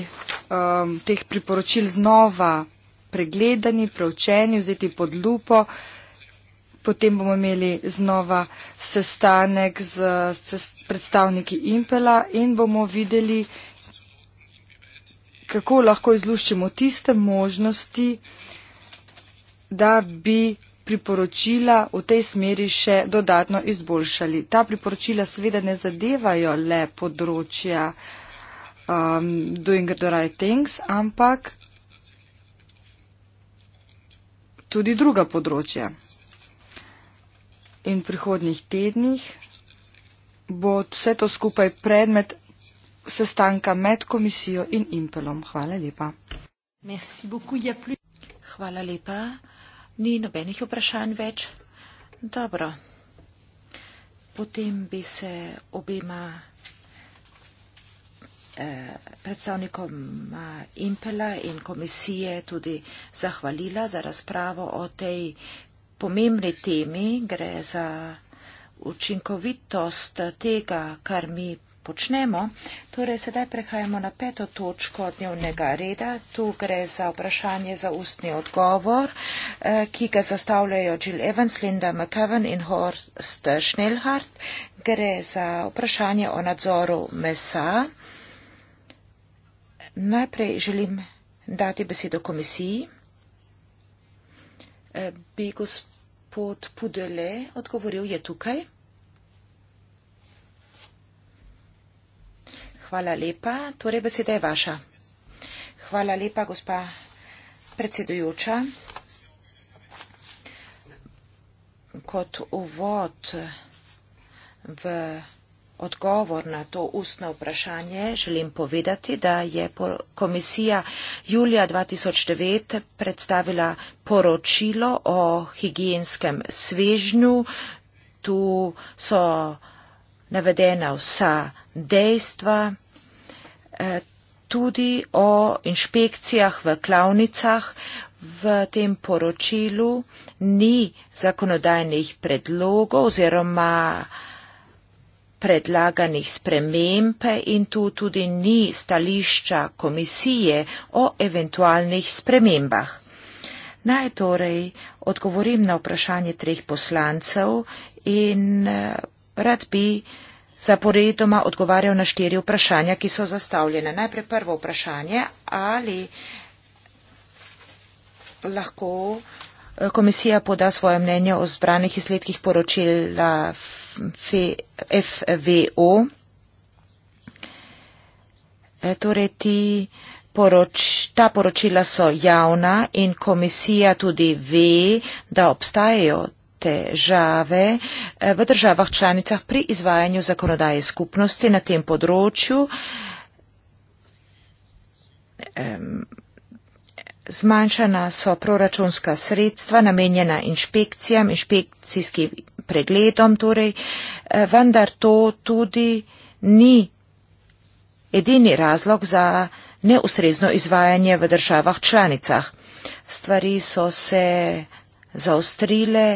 Speaker 3: um, teh priporočil znova pregledani, preučeni, vzeti pod lupo. Potem bomo imeli znova sestanek z predstavniki Impela in bomo videli, kako lahko izluščimo tiste možnosti, da bi priporočila v tej smeri še dodatno izboljšali. Ta priporočila seveda ne zadevajo le področja um, doing the right things, ampak tudi druga področja. In v prihodnih tednih bo vse to skupaj predmet sestanka med komisijo in Impelom. Hvala lepa.
Speaker 2: Hvala lepa. Ni nobenih vprašanj več. Dobro. Potem bi se obema eh, predstavnikom Impela in komisije tudi zahvalila za razpravo o tej pomembni temi. Gre za učinkovitost tega, kar mi počnemo. Torej, sedaj prehajamo na peto točko dnevnega reda. Tu gre za vprašanje za ustni odgovor, eh, ki ga zastavljajo Jill Evans, Linda McCoven in Horst Schnellhardt. Gre za vprašanje o nadzoru mesa. Najprej želim dati besedo komisiji. Eh, bi gospod Pudele odgovoril, je tukaj. Hvala lepa. Torej, beseda je vaša. Hvala lepa, gospa predsedujoča. Kot uvod v odgovor na to ustno vprašanje želim povedati, da je komisija julija 2009 predstavila poročilo o higijenskem svežnju. Tu so navedena vsa dejstva eh, tudi o inšpekcijah v klavnicah. V tem poročilu ni zakonodajnih predlogov oziroma predlaganih sprememb in tu tudi ni stališča komisije o eventualnih spremembah. Naj torej odgovorim na vprašanje treh poslancev in eh, rad bi uh, Zaporedoma odgovarjal na štiri vprašanja, ki so zastavljene. Najprej prvo vprašanje, ali lahko eh, komisija poda svoje mnenje o zbranih izsledkih poročila FVO. Eh, torej, ti poroč, ta poročila so javna in komisija tudi ve, da obstajajo težave eh, v državah članicah pri izvajanju zakonodaje skupnosti na tem področju, zmanjšana so proračunska sredstva namenjena inšpekcijam, inšpekcijskim pregledom, torej, eh, vendar to tudi ni edini razlog za neustrezno izvajanje v državah članicah. Stvari so se zaostrile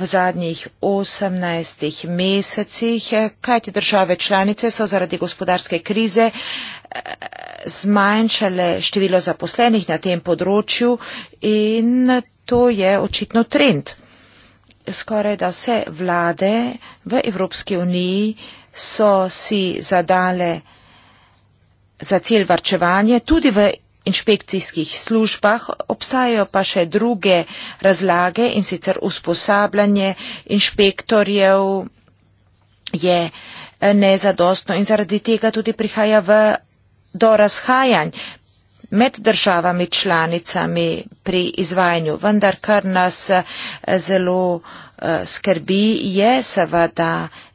Speaker 2: v zadnjih 18 mesecih, eh, kajti države članice so zaradi gospodarske krize eh, zmanjšale število zaposlenih na tem področju in to je očitno trend. Skoraj da vse vlade v Evropski uniji so si zadale za cilj varčevanje, tudi v inšpekcijskih službah obstajajo pa še druge razlage in sicer usposabljanje inšpektorjev je eh, nezadostno in zaradi tega tudi prihaja v, do razhajanj med državami članicami pri izvajanju. Vendar kar nas eh, zelo eh, skrbi je seveda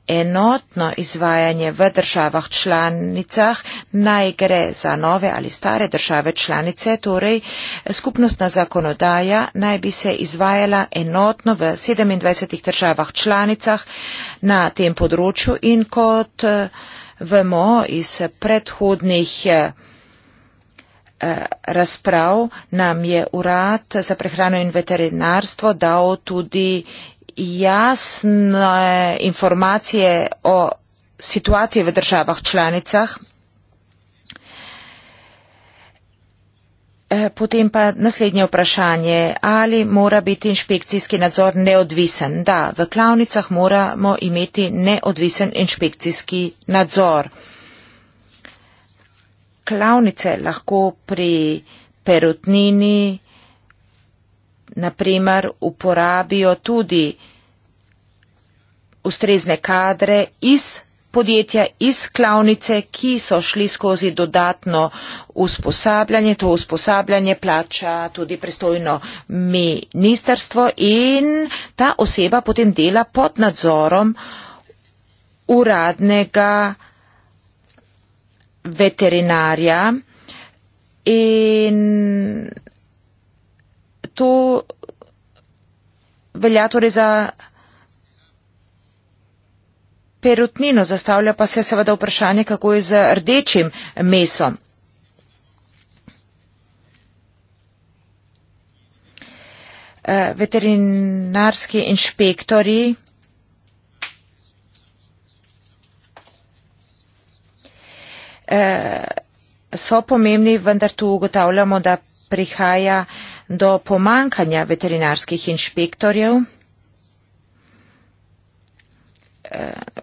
Speaker 2: enotno izvajanje v državah članicah, naj gre za nove ali stare države članice, torej skupnostna zakonodaja naj bi se izvajala enotno v 27 državah članicah na tem področju in kot eh, vemo iz predhodnih eh, eh, razprav nam je Urad za prehrano in veterinarstvo dal tudi jasne informacije o situaciji v državah članicah. Eh, potem pa naslednje vprašanje, ali mora biti inšpekcijski nadzor neodvisen? Da, v klavnicah moramo imeti neodvisen inšpekcijski nadzor. Klavnice lahko pri perutnini, naprimer uporabijo tudi ustrezne kadre iz podjetja, iz klavnice, ki so šli skozi dodatno usposabljanje. To usposabljanje plača tudi pristojno ministerstvo in ta oseba potem dela pod nadzorom uradnega veterinarja. In to velja torej za perutnino, zastavlja pa se seveda vprašanje, kako je z rdečim mesom. Eh, veterinarski inšpektori eh, so pomembni, vendar tu ugotavljamo, da prihaja do pomankanja veterinarskih inšpektorjev.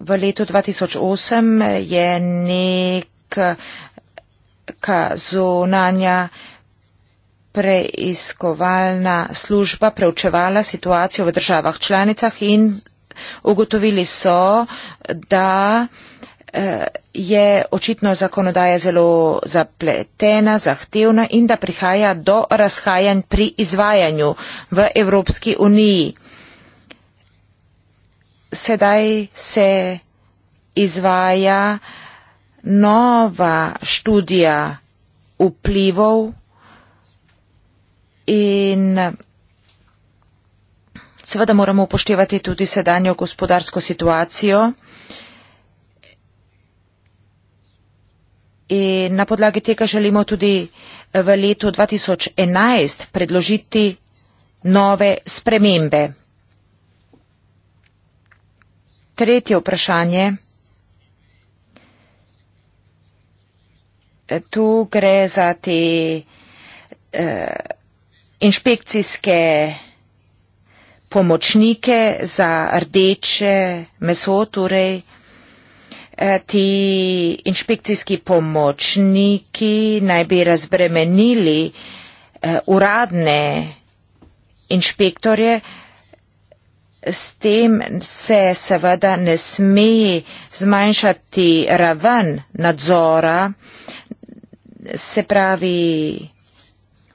Speaker 2: V letu 2008 je neka zunanja preiskovalna služba preučevala situacijo v državah članicah in ugotovili so, da Eh, je očitno zakonodaja zelo zapletena, zahtevna in da prihaja do razhajanj pri izvajanju v Evropski uniji. Sedaj se izvaja nova študija vplivov in seveda moramo upoštevati tudi sedanjo gospodarsko situacijo. in na podlagi tega želimo tudi eh, v letu 2011 predložiti nove spremembe. Tretje vprašanje. Eh, tu gre za te eh, inšpekcijske pomočnike za rdeče meso, torej Eh, ti inšpekcijski pomočniki naj bi razbremenili eh, uradne inšpektorje, s tem se seveda ne sme zmanjšati raven nadzora, se pravi,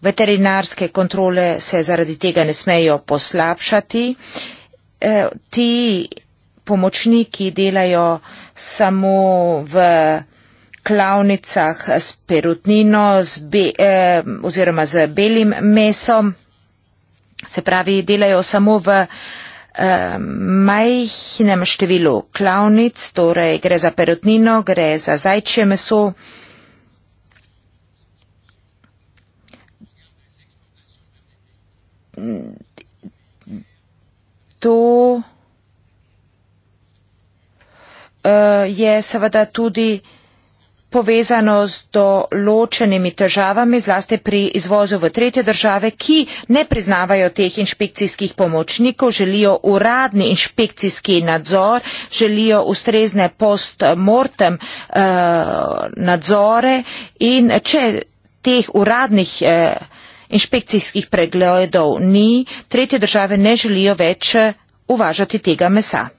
Speaker 2: veterinarske kontrole se zaradi tega ne smejo poslabšati. Eh, ti pomočniki delajo samo v klavnicah s perutnino z be, eh, oziroma z belim mesom, se pravi, delajo samo v eh, majhnem številu klavnic, torej gre za perutnino, gre za zajčje meso. To Eh, je seveda tudi povezano z določenimi težavami, zlasti pri izvozu v tretje države, ki ne priznavajo teh inšpekcijskih pomočnikov, želijo uradni inšpekcijski nadzor, želijo ustrezne postmortem uh, nadzore in če teh uradnih uh, inšpekcijskih pregledov ni, tretje države ne želijo več uvažati tega mesa.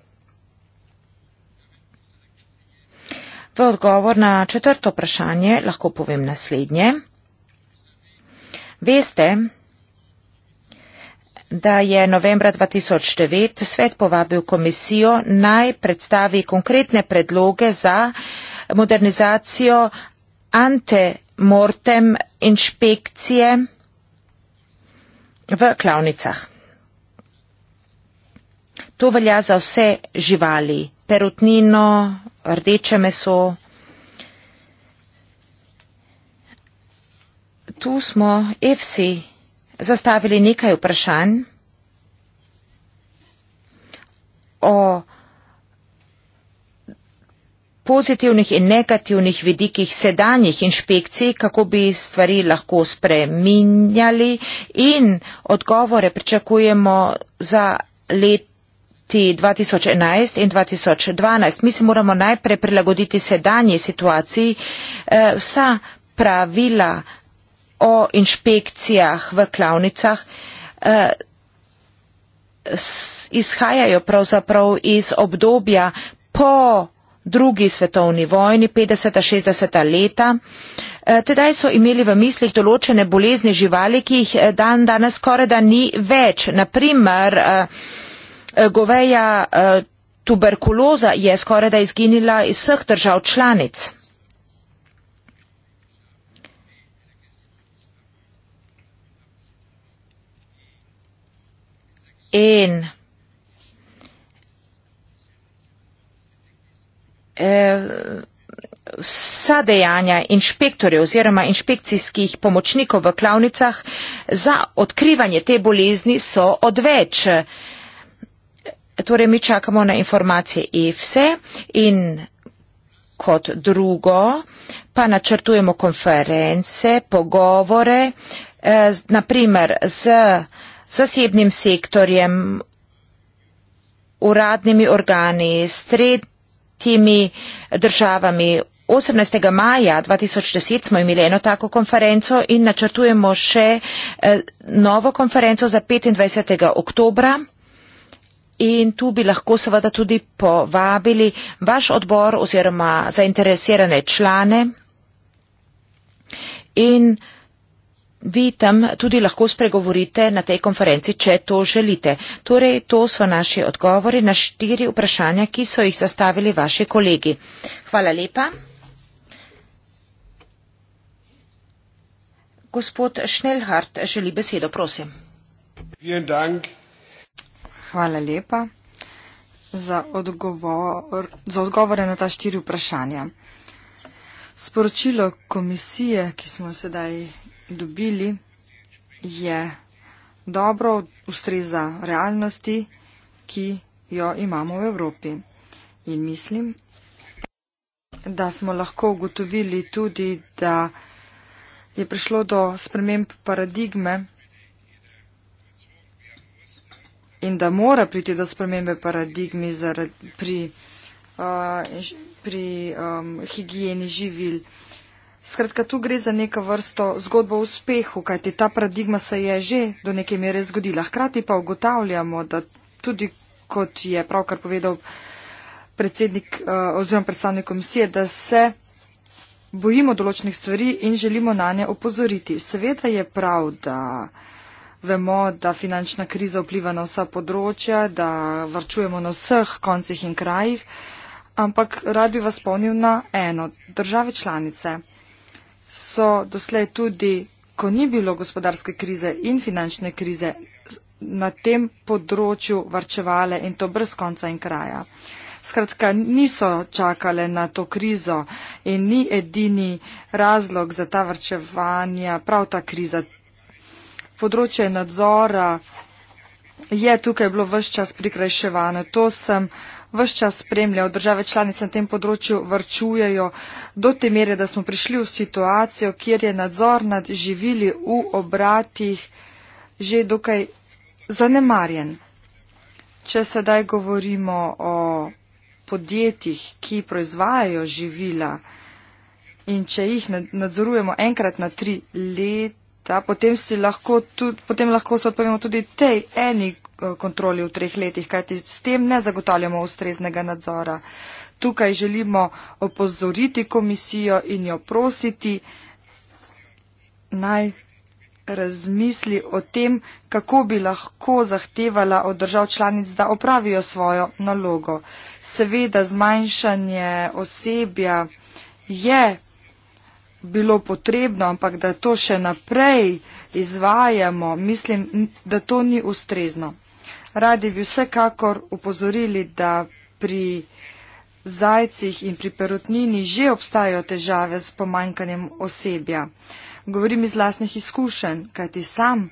Speaker 2: V odgovor na četrto vprašanje lahko povem naslednje. Veste, da je novembra 2009 svet povabil komisijo naj predstavi konkretne predloge za modernizacijo antemortem inšpekcije v klavnicah. To velja za vse živali, perutnino, rdeče meso. Tu smo EFSI zastavili nekaj vprašanj o pozitivnih in negativnih vidikih sedanjih inšpekcij, kako bi stvari lahko spreminjali in odgovore pričakujemo za leto prilagoditi 2011 in 2012. Mi se moramo najprej prilagoditi sedanji situaciji. Eh, vsa pravila o inšpekcijah v klavnicah eh, izhajajo pravzaprav iz obdobja po drugi svetovni vojni, 50-60 leta. Eh, tedaj so imeli v mislih določene bolezni živali, ki jih dan danes skoraj da ni več. Naprimer, uh, Eh, goveja eh, tuberkuloza je skorajda izginila iz vseh držav članic. In eh, vsa dejanja inšpektorjev oziroma inšpekcijskih pomočnikov v klavnicah za odkrivanje te bolezni so odveč. Torej, mi čakamo na informacije EFSE e in kot drugo pa načrtujemo konference, pogovore, eh, naprimer z zasebnim sektorjem, uradnimi organi, s tretjimi državami. 18. maja 2010 smo imeli eno tako konferenco in načrtujemo še eh, novo konferenco za 25. oktobra. In tu bi lahko seveda tudi povabili vaš odbor oziroma zainteresirane člane. In vi tam tudi lahko spregovorite na tej konferenci, če to želite. Torej, to so naši odgovori na štiri vprašanja, ki so jih zastavili vaši kolegi. Hvala lepa. Gospod Schnellhardt želi besedo, prosim. Vielen Dank.
Speaker 3: Hvala lepa za, odgovor, za odgovore na ta štiri vprašanja. Sporočilo komisije, ki smo sedaj dobili, je dobro, ustreza realnosti, ki jo imamo v Evropi. In mislim, da smo lahko ugotovili tudi, da je prišlo do sprememb paradigme in da mora priti do spremembe paradigmi zaradi, pri, uh, pri um, higieni živil. Skratka, tu gre za neko vrsto zgodbo o uspehu, kajti ta paradigma se je že do neke mere zgodila. Hkrati pa ugotavljamo, da tudi kot je pravkar povedal predsednik uh, oziroma predstavnik komisije, da se bojimo določenih stvari in želimo na nje opozoriti. Seveda je prav, da uh, Vemo, da finančna kriza vpliva na vsa področja, da vrčujemo na vseh koncih in krajih, ampak rad bi vas spomnil na eno. Države članice so doslej tudi, ko ni bilo gospodarske krize in finančne krize, na tem področju varčevale in to brez konca in kraja. Skratka, niso čakale na to krizo in ni edini razlog za ta vrčevanja prav ta kriza področje nadzora je tukaj bilo vse čas prikrajševano. To sem vse čas spremljal. Države članice na tem področju vrčujejo do te mere, da smo prišli v situacijo, kjer je nadzor nad živili v obratih že dokaj zanemarjen. Če sedaj govorimo o podjetjih, ki proizvajajo živila in če jih nadzorujemo enkrat na tri leta, leta, potem, lahko tudi, potem lahko se odpovemo tudi tej eni eh, kontroli v treh letih, kajti s tem ne zagotavljamo ustreznega nadzora. Tukaj želimo opozoriti komisijo in jo prositi naj razmisli o tem, kako bi lahko zahtevala od držav članic, da opravijo svojo nalogo. Seveda zmanjšanje osebja je bilo potrebno, ampak da to še naprej izvajamo, mislim, da to ni ustrezno. Radi bi vsekakor upozorili, da pri zajcih in pri perutnini že obstajajo težave s pomankanjem osebja. Govorim iz lasnih izkušenj, kajti sam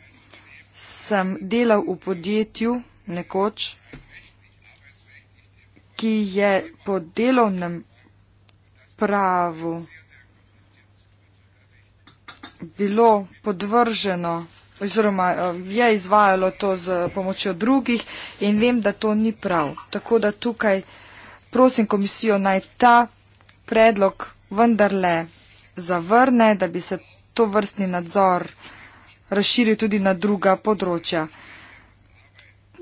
Speaker 3: sem delal v podjetju nekoč, ki je po delovnem pravu bilo podvrženo oziroma eh, je izvajalo to z pomočjo drugih in vem, da to ni prav. Tako da tukaj prosim komisijo naj ta predlog vendarle zavrne, da bi se to vrstni nadzor razširil tudi na druga področja.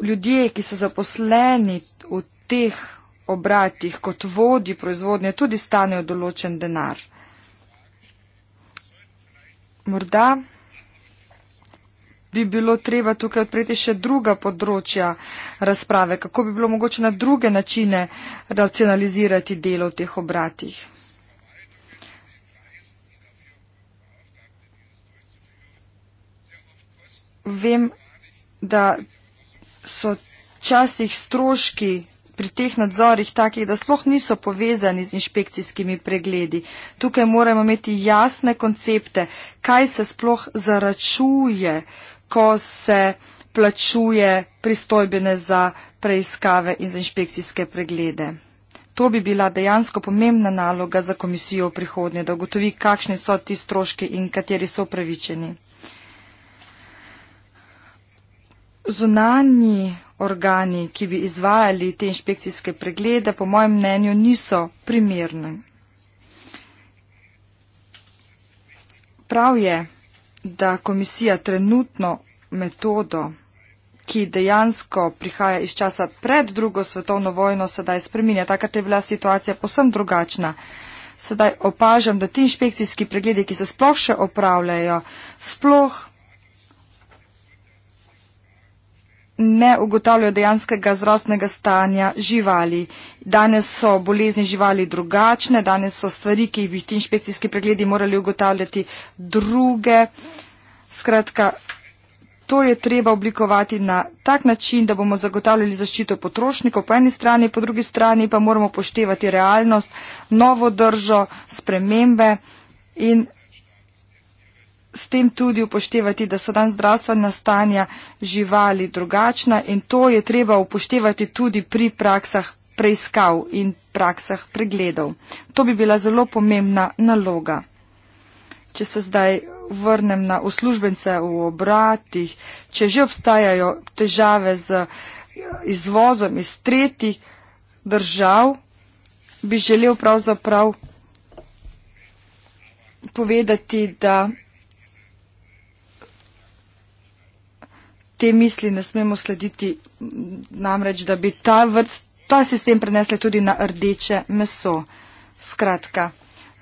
Speaker 3: Ljudje, ki so zaposleni v teh obratih kot vodji proizvodnje, tudi stanejo določen denar morda bi bilo treba tukaj odpreti še druga področja razprave, kako bi bilo mogoče na druge načine racionalizirati delo v teh obratih. Vem, da so časih stroški pri teh nadzorih takih, da sploh niso povezani z inšpekcijskimi pregledi. Tukaj moramo imeti jasne koncepte, kaj se sploh zaračuje, ko se plačuje pristojbene za preiskave in za inšpekcijske preglede. To bi bila dejansko pomembna naloga za komisijo v prihodnje, da ugotovi, kakšni so ti stroški in kateri so upravičeni. Zunanji organi, ki bi izvajali te inšpekcijske preglede, po mojem mnenju niso primerni. Prav je, da komisija trenutno metodo, ki dejansko prihaja iz časa pred drugo svetovno vojno, sedaj spreminja. Takrat je bila situacija posem drugačna. Sedaj opažam, da ti inšpekcijski pregledi, ki se sploh še opravljajo, sploh ne ugotavljajo dejanskega zdravstvenega stanja živali. Danes so bolezni živali drugačne, danes so stvari, ki bi ti inšpekcijski pregledi morali ugotavljati druge. Skratka, to je treba oblikovati na tak način, da bomo zagotavljali zaščito potrošnikov po eni strani, po drugi strani pa moramo poštevati realnost, novo držo, spremembe in s tem tudi upoštevati, da so dan zdravstvena stanja živali drugačna in to je treba upoštevati tudi pri praksah preiskav in praksah pregledov. To bi bila zelo pomembna naloga. Če se zdaj vrnem na uslužbence v obratih, če že obstajajo težave z eh, izvozom iz tretjih držav, bi želel pravzaprav povedati, da te misli ne smemo slediti namreč, da bi ta, vrt, ta sistem prenesli tudi na rdeče meso. Skratka,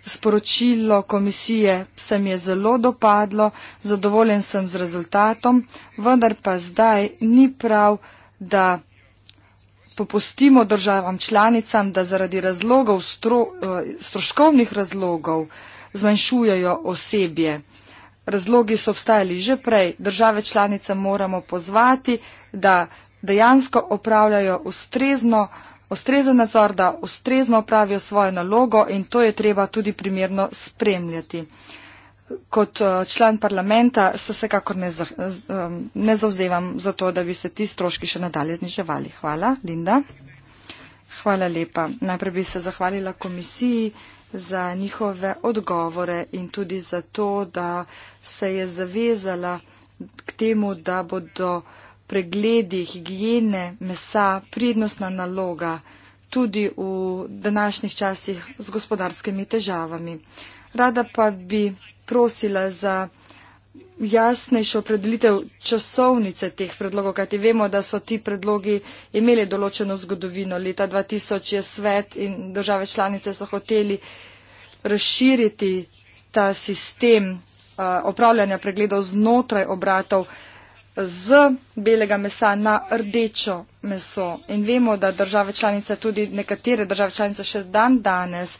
Speaker 3: sporočilo komisije se mi je zelo dopadlo, zadovoljen sem z rezultatom, vendar pa zdaj ni prav, da popustimo državam članicam, da zaradi razlogov, stro, eh, stroškovnih razlogov zmanjšujejo osebje razlogi so obstajali že prej, države članice moramo pozvati, da dejansko opravljajo ustrezno, ustrezen nadzor, da ustrezno opravijo svojo nalogo in to je treba tudi primerno spremljati. Kot eh, član parlamenta se vsekakor ne, za, ne zauzevam za to, da bi se ti stroški še nadalje zniževali. Hvala, Linda. Hvala lepa. Najprej bi se zahvalila komisiji za njihove odgovore in tudi za to, da uh, se je zavezala k temu, da bodo pregledi higiene mesa prednostna naloga tudi v današnjih časih z gospodarskimi težavami. Rada pa bi prosila za jasnejšo predelitev časovnice teh predlogov, kajti vemo, da so ti predlogi imeli določeno zgodovino. Leta 2000 je svet in države članice so hoteli razširiti ta sistem Eh, opravljanja pregledov znotraj obratov z belega mesa na rdečo meso. In vemo, da države članice, tudi nekatere države članice še dan danes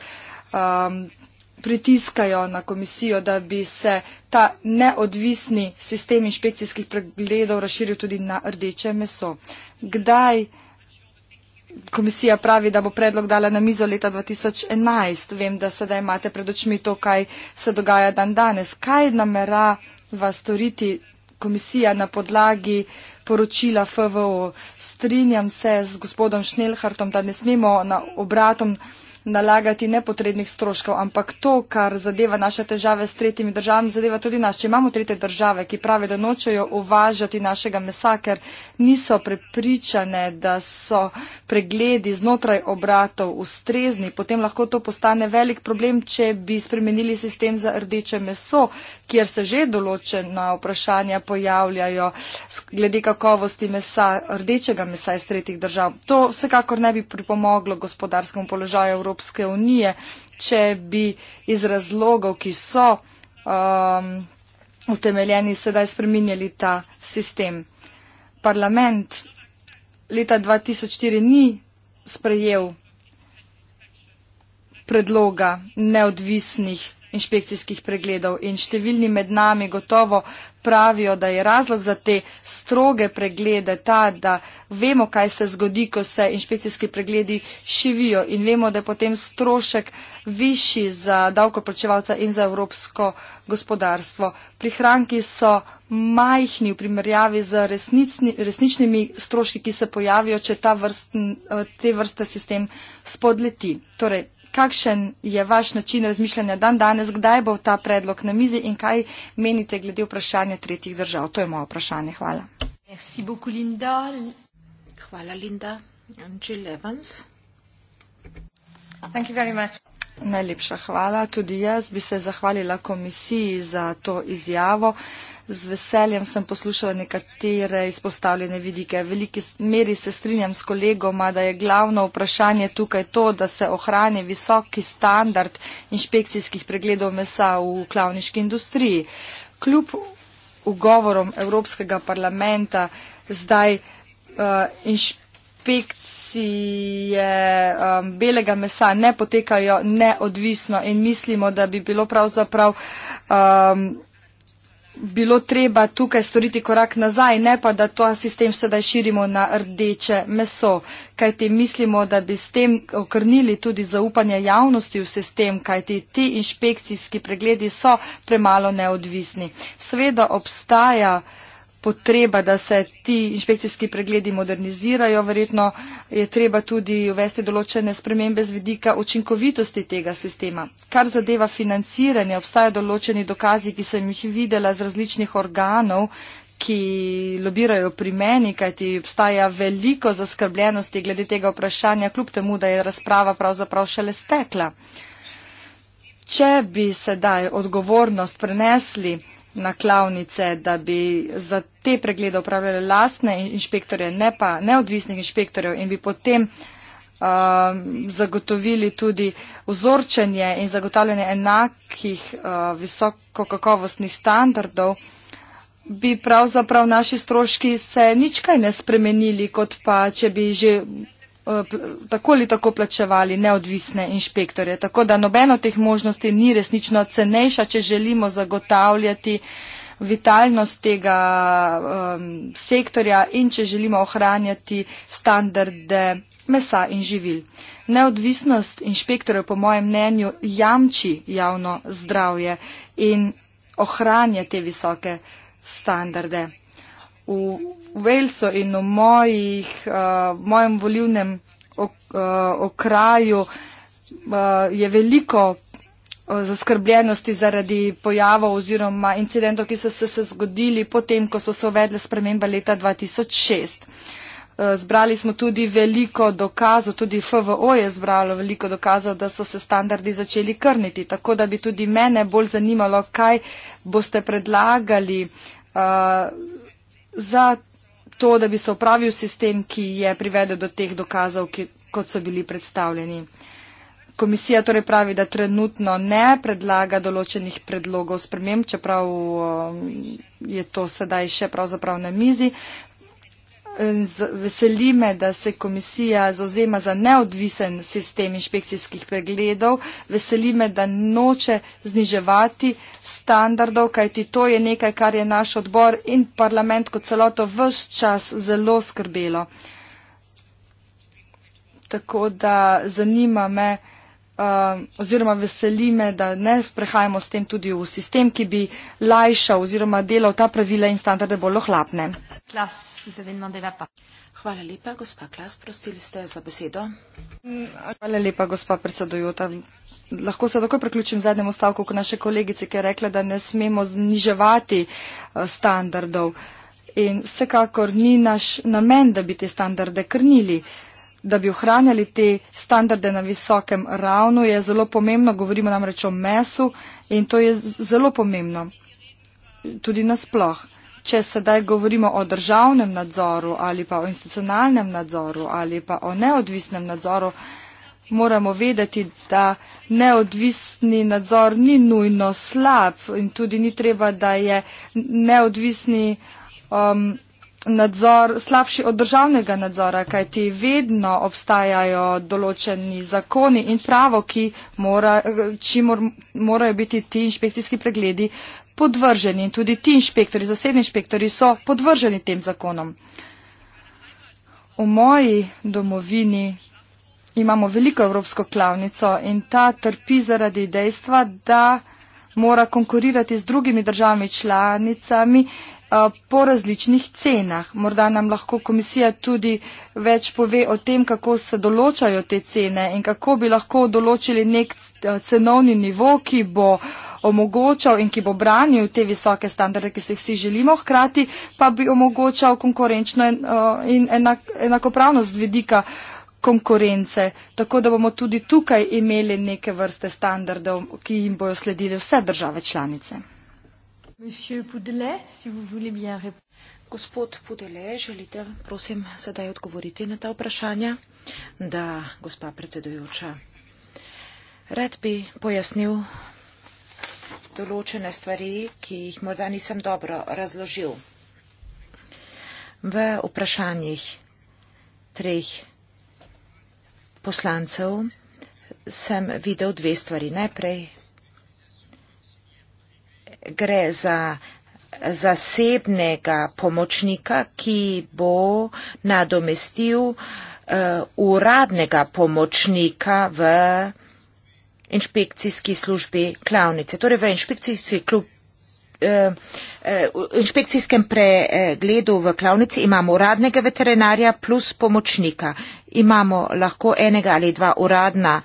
Speaker 3: um, pritiskajo na komisijo, da bi se ta neodvisni sistem inšpekcijskih pregledov razširil tudi na rdeče meso. Kdaj komisija pravi, da bo predlog dala na mizo leta 2011. Vem, da sedaj imate pred očmi to, kaj se dogaja dan danes. Kaj namerava storiti komisija na podlagi poročila FVO? Strinjam se z gospodom Šnelhartom, da ne smemo na obratom nalagati nepotrebnih stroškov, ampak to, kar zadeva naše težave s tretjimi državami, zadeva tudi nas. Če imamo tretje države, ki pravijo, da nočejo uvažati našega mesa, ker niso prepričane, da so pregledi znotraj obratov ustrezni, potem lahko to postane velik problem, če bi spremenili sistem za rdeče meso, kjer se že določena vprašanja pojavljajo glede kakovosti mesa, rdečega mesa iz tretjih držav. To vsekakor ne bi pripomoglo gospodarskemu položaju Evropske unije, če bi iz razlogov, ki so um, utemeljeni, sedaj spreminjali ta sistem. Parlament leta 2004 ni sprejel predloga neodvisnih inšpekcijskih pregledov in številni med nami gotovo pravijo, da je razlog za te stroge preglede ta, da vemo, kaj se zgodi, ko se inšpekcijski pregledi šivijo in vemo, da je potem strošek višji za davkoplačevalca in za evropsko gospodarstvo. Prihranki so majhni v primerjavi z resnicni, resničnimi stroški, ki se pojavijo, če ta vrst, eh, te vrste sistem spodleti. Torej, kakšen je vaš način razmišljanja dan danes, kdaj bo ta predlog na mizi in kaj menite glede vprašanja tretjih držav? To je moje vprašanje. Hvala.
Speaker 1: Beaucoup,
Speaker 2: Linda. Hvala, Linda. Angel Evans.
Speaker 3: Thank you very much. Najlepša hvala. Tudi jaz bi se zahvalila komisiji za to izjavo. Z veseljem sem poslušala nekatere izpostavljene vidike. V veliki meri se strinjam s kolegoma, da je glavno vprašanje tukaj to, da se ohrani visoki standard inšpekcijskih pregledov mesa v klavniški industriji. Kljub ugovorom Evropskega parlamenta zdaj uh, eh, inšpekcija inšpekcije um, belega mesa ne potekajo neodvisno in mislimo, da bi bilo pravzaprav um, bilo treba tukaj storiti korak nazaj, ne pa da to sistem sedaj širimo na rdeče meso, kajti mislimo, da bi s tem okrnili tudi zaupanje javnosti v sistem, kajti ti inšpekcijski pregledi so premalo neodvisni. Sveda obstaja potreba, da se ti inšpekcijski pregledi modernizirajo. Verjetno je treba tudi uvesti določene spremembe z vidika učinkovitosti tega sistema. Kar zadeva financiranje, obstaja določeni dokazi, ki sem jih videla z različnih organov, ki lobirajo pri meni, kajti obstaja veliko zaskrbljenosti glede tega vprašanja, kljub temu, da je razprava pravzaprav šele stekla. Če bi sedaj odgovornost prenesli, na klavnice, da bi za te preglede upravljali lastne inšpektorje, ne pa neodvisnih inšpektorjev in bi potem um, zagotovili tudi vzorčenje in zagotavljanje enakih uh, visokokakovostnih standardov, bi pravzaprav naši stroški se nič kaj ne spremenili, kot pa če bi že Eh, tako ali tako plačevali neodvisne inšpektorje. Tako da nobeno teh možnosti ni resnično cenejša, če želimo zagotavljati vitalnost tega um, sektorja in če želimo ohranjati standarde mesa in živil. Neodvisnost inšpektorjev, po mojem mnenju, jamči javno zdravje in ohranja te visoke standarde. V Walesu in v, mojih, uh, v mojem volivnem eh, okraju uh, je veliko zaskrbljenosti zaradi pojavov oziroma incidentov, ki so se, se zgodili potem, ko so se uvedle spremembe leta 2006. Zbrali smo tudi veliko dokazov, tudi FVO je zbralo veliko dokazov, da so se standardi začeli krniti. Tako da bi tudi mene bolj zanimalo, kaj boste predlagali uh, za to, da bi se opravil sistem, ki je privedel do teh dokazov, ki, kot so bili predstavljeni. Komisija torej pravi, da trenutno ne predlaga določenih predlogov sprememb, čeprav um, je to sedaj še pravzaprav na mizi. Veseli me, da se komisija zauzema za neodvisen sistem inšpekcijskih pregledov. Veseli me, da noče zniževati standardov, kajti to je nekaj, kar je naš odbor in parlament kot celoto vse čas zelo skrbelo. Tako da zanima me, Um, oziroma veseli me, da ne prehajamo s tem tudi v sistem, ki bi lajšal oziroma delal ta pravila in standarde bolj ohlapne. Klas, Hvala lepa,
Speaker 2: gospa Klas, prostili ste za besedo.
Speaker 3: Hvala lepa, gospa predsedojota. Lahko se takoj priključim zadnjemu stavku, ko naše kolegice, ki je rekla, da ne smemo zniževati eh, standardov. In vsekakor ni naš namen, da bi te standarde krnili. Uh, da bi ohranjali te standarde na visokem ravnu, je zelo pomembno, govorimo namreč o mesu in to je zelo pomembno tudi nasploh. Če sedaj govorimo o državnem nadzoru ali pa o institucionalnem nadzoru ali pa o neodvisnem nadzoru, moramo vedeti, da neodvisni nadzor ni nujno slab in tudi ni treba, da je neodvisni um, nadzor slabši od državnega nadzora, kajti vedno obstajajo določeni zakoni in pravo, ki mora, čim mor, morajo biti ti inšpekcijski pregledi podvrženi. In tudi ti inšpektori, zasebni inšpektori so podvrženi tem zakonom. V moji domovini imamo veliko evropsko klavnico in ta trpi zaradi dejstva, da mora konkurirati z drugimi državami članicami, Eh, po različnih cenah. Morda nam lahko komisija tudi več pove o tem, kako se določajo te cene in kako bi lahko določili nek eh, cenovni nivo, ki bo omogočal in ki bo branil te visoke standarde, ki se vsi želimo, hkrati pa bi omogočal konkurenčno eh, in enak, enakopravnost vidika konkurence, tako da bomo tudi tukaj imeli neke vrste standardov, ki jim bojo sledile vse države članice.
Speaker 2: Monsieur Poudelet, si vous voulez bien répondre. Gospod Poudelet, želite, prosim, sedaj odgovoriti na ta vprašanja? Da, gospa predsedujoča. Rad bi pojasnil določene stvari, ki jih morda nisem dobro razložil. V vprašanjih treh poslancev sem videl dve stvari. Najprej gre za zasebnega pomočnika, ki bo nadomestil uh, uradnega pomočnika v inšpekcijski službi klavnice, torej v inšpekcijski klub. Eh, eh, v inšpekcijskem pregledu v klavnici imamo uradnega veterinarja plus pomočnika. Imamo lahko enega ali dva uradna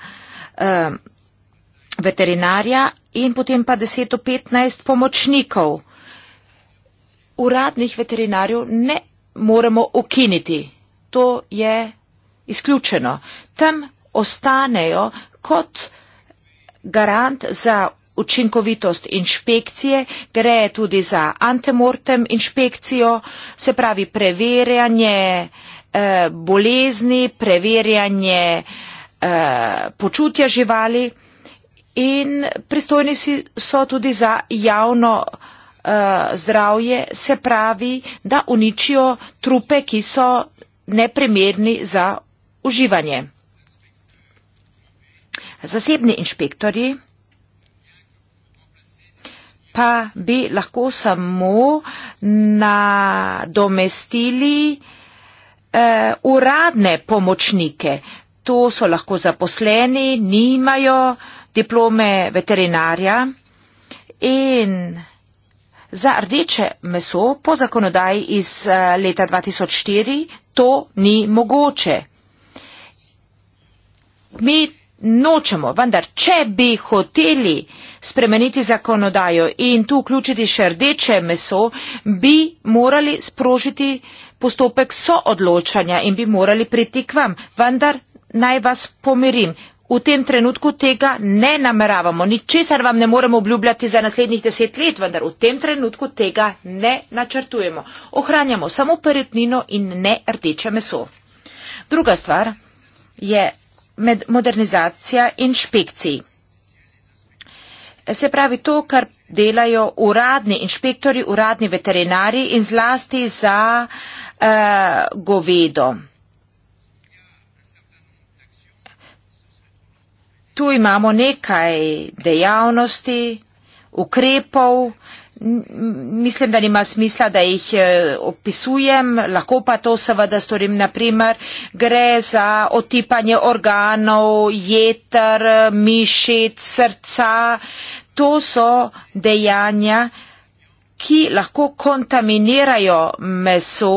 Speaker 2: um, veterinarja in potem pa 10 do 15 pomočnikov. Uradnih veterinarjev ne moremo ukiniti. To je izključeno. Tam ostanejo kot garant za učinkovitost inšpekcije, gre tudi za antemortem inšpekcijo, se pravi preverjanje eh, bolezni, preverjanje eh, počutja živali in pristojni so tudi za javno uh, zdravje, se pravi, da uničijo trupe, ki so nepremerni za uživanje. Zasebni inšpektori pa bi lahko samo nadomestili uh, uradne pomočnike. To so lahko zaposleni, nimajo uh, diplome veterinarja in za rdeče meso po zakonodaji iz eh, leta 2004 to ni mogoče. Mi nočemo, vendar, če bi hoteli spremeniti zakonodajo in tu vključiti še rdeče meso, bi morali sprožiti postopek soodločanja in bi morali priti k vam. Vendar naj vas pomirim v tem trenutku tega ne nameravamo. Ničesar vam ne moremo obljubljati za naslednjih deset let, vendar v tem trenutku tega ne načrtujemo. Ohranjamo samo peretnino in ne rdeče meso. Druga stvar je modernizacija inšpekcij. Se pravi to, kar delajo uradni inšpektori, uradni veterinari in zlasti za uh, govedo. tu imamo nekaj dejavnosti, ukrepov, mislim, da nima smisla, da jih eh, opisujem, lahko pa to seveda storim, naprimer, gre za otipanje organov, jeter, mišic, srca, to so dejanja, ki lahko kontaminirajo meso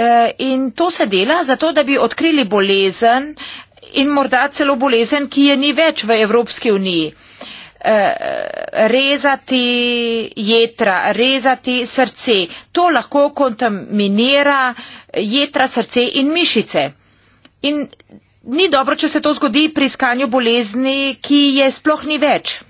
Speaker 2: Eh, in to se dela zato, da bi odkrili bolezen in morda celo bolezen, ki je ni več v Evropski uniji. Eh, rezati jetra, rezati srce, to lahko kontaminira jetra, srce in mišice. In ni dobro, če se to zgodi pri iskanju bolezni, ki je sploh ni več.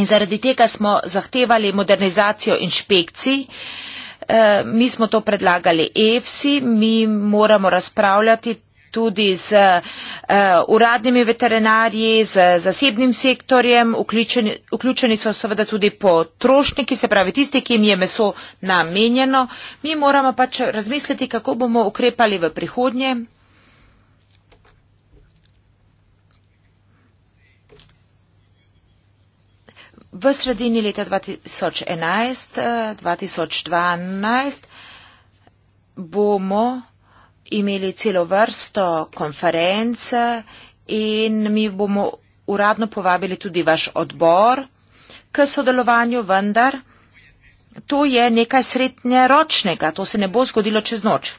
Speaker 2: In zaradi tega smo zahtevali modernizacijo inšpekcij, eh, Eh, mi smo to predlagali EFSI, mi moramo razpravljati tudi z uh, uradnimi veterinarji, z zasebnim sektorjem, vključeni, vključeni so seveda tudi potrošniki, se pravi tisti, ki jim je meso namenjeno. Mi moramo pač razmisliti, kako bomo ukrepali v prihodnje. V sredini leta 2011-2012 eh, bomo imeli celo vrsto konferenc eh, in mi bomo uradno povabili tudi vaš odbor k sodelovanju, vendar to je nekaj srednjeročnega, to se ne bo zgodilo čez noč.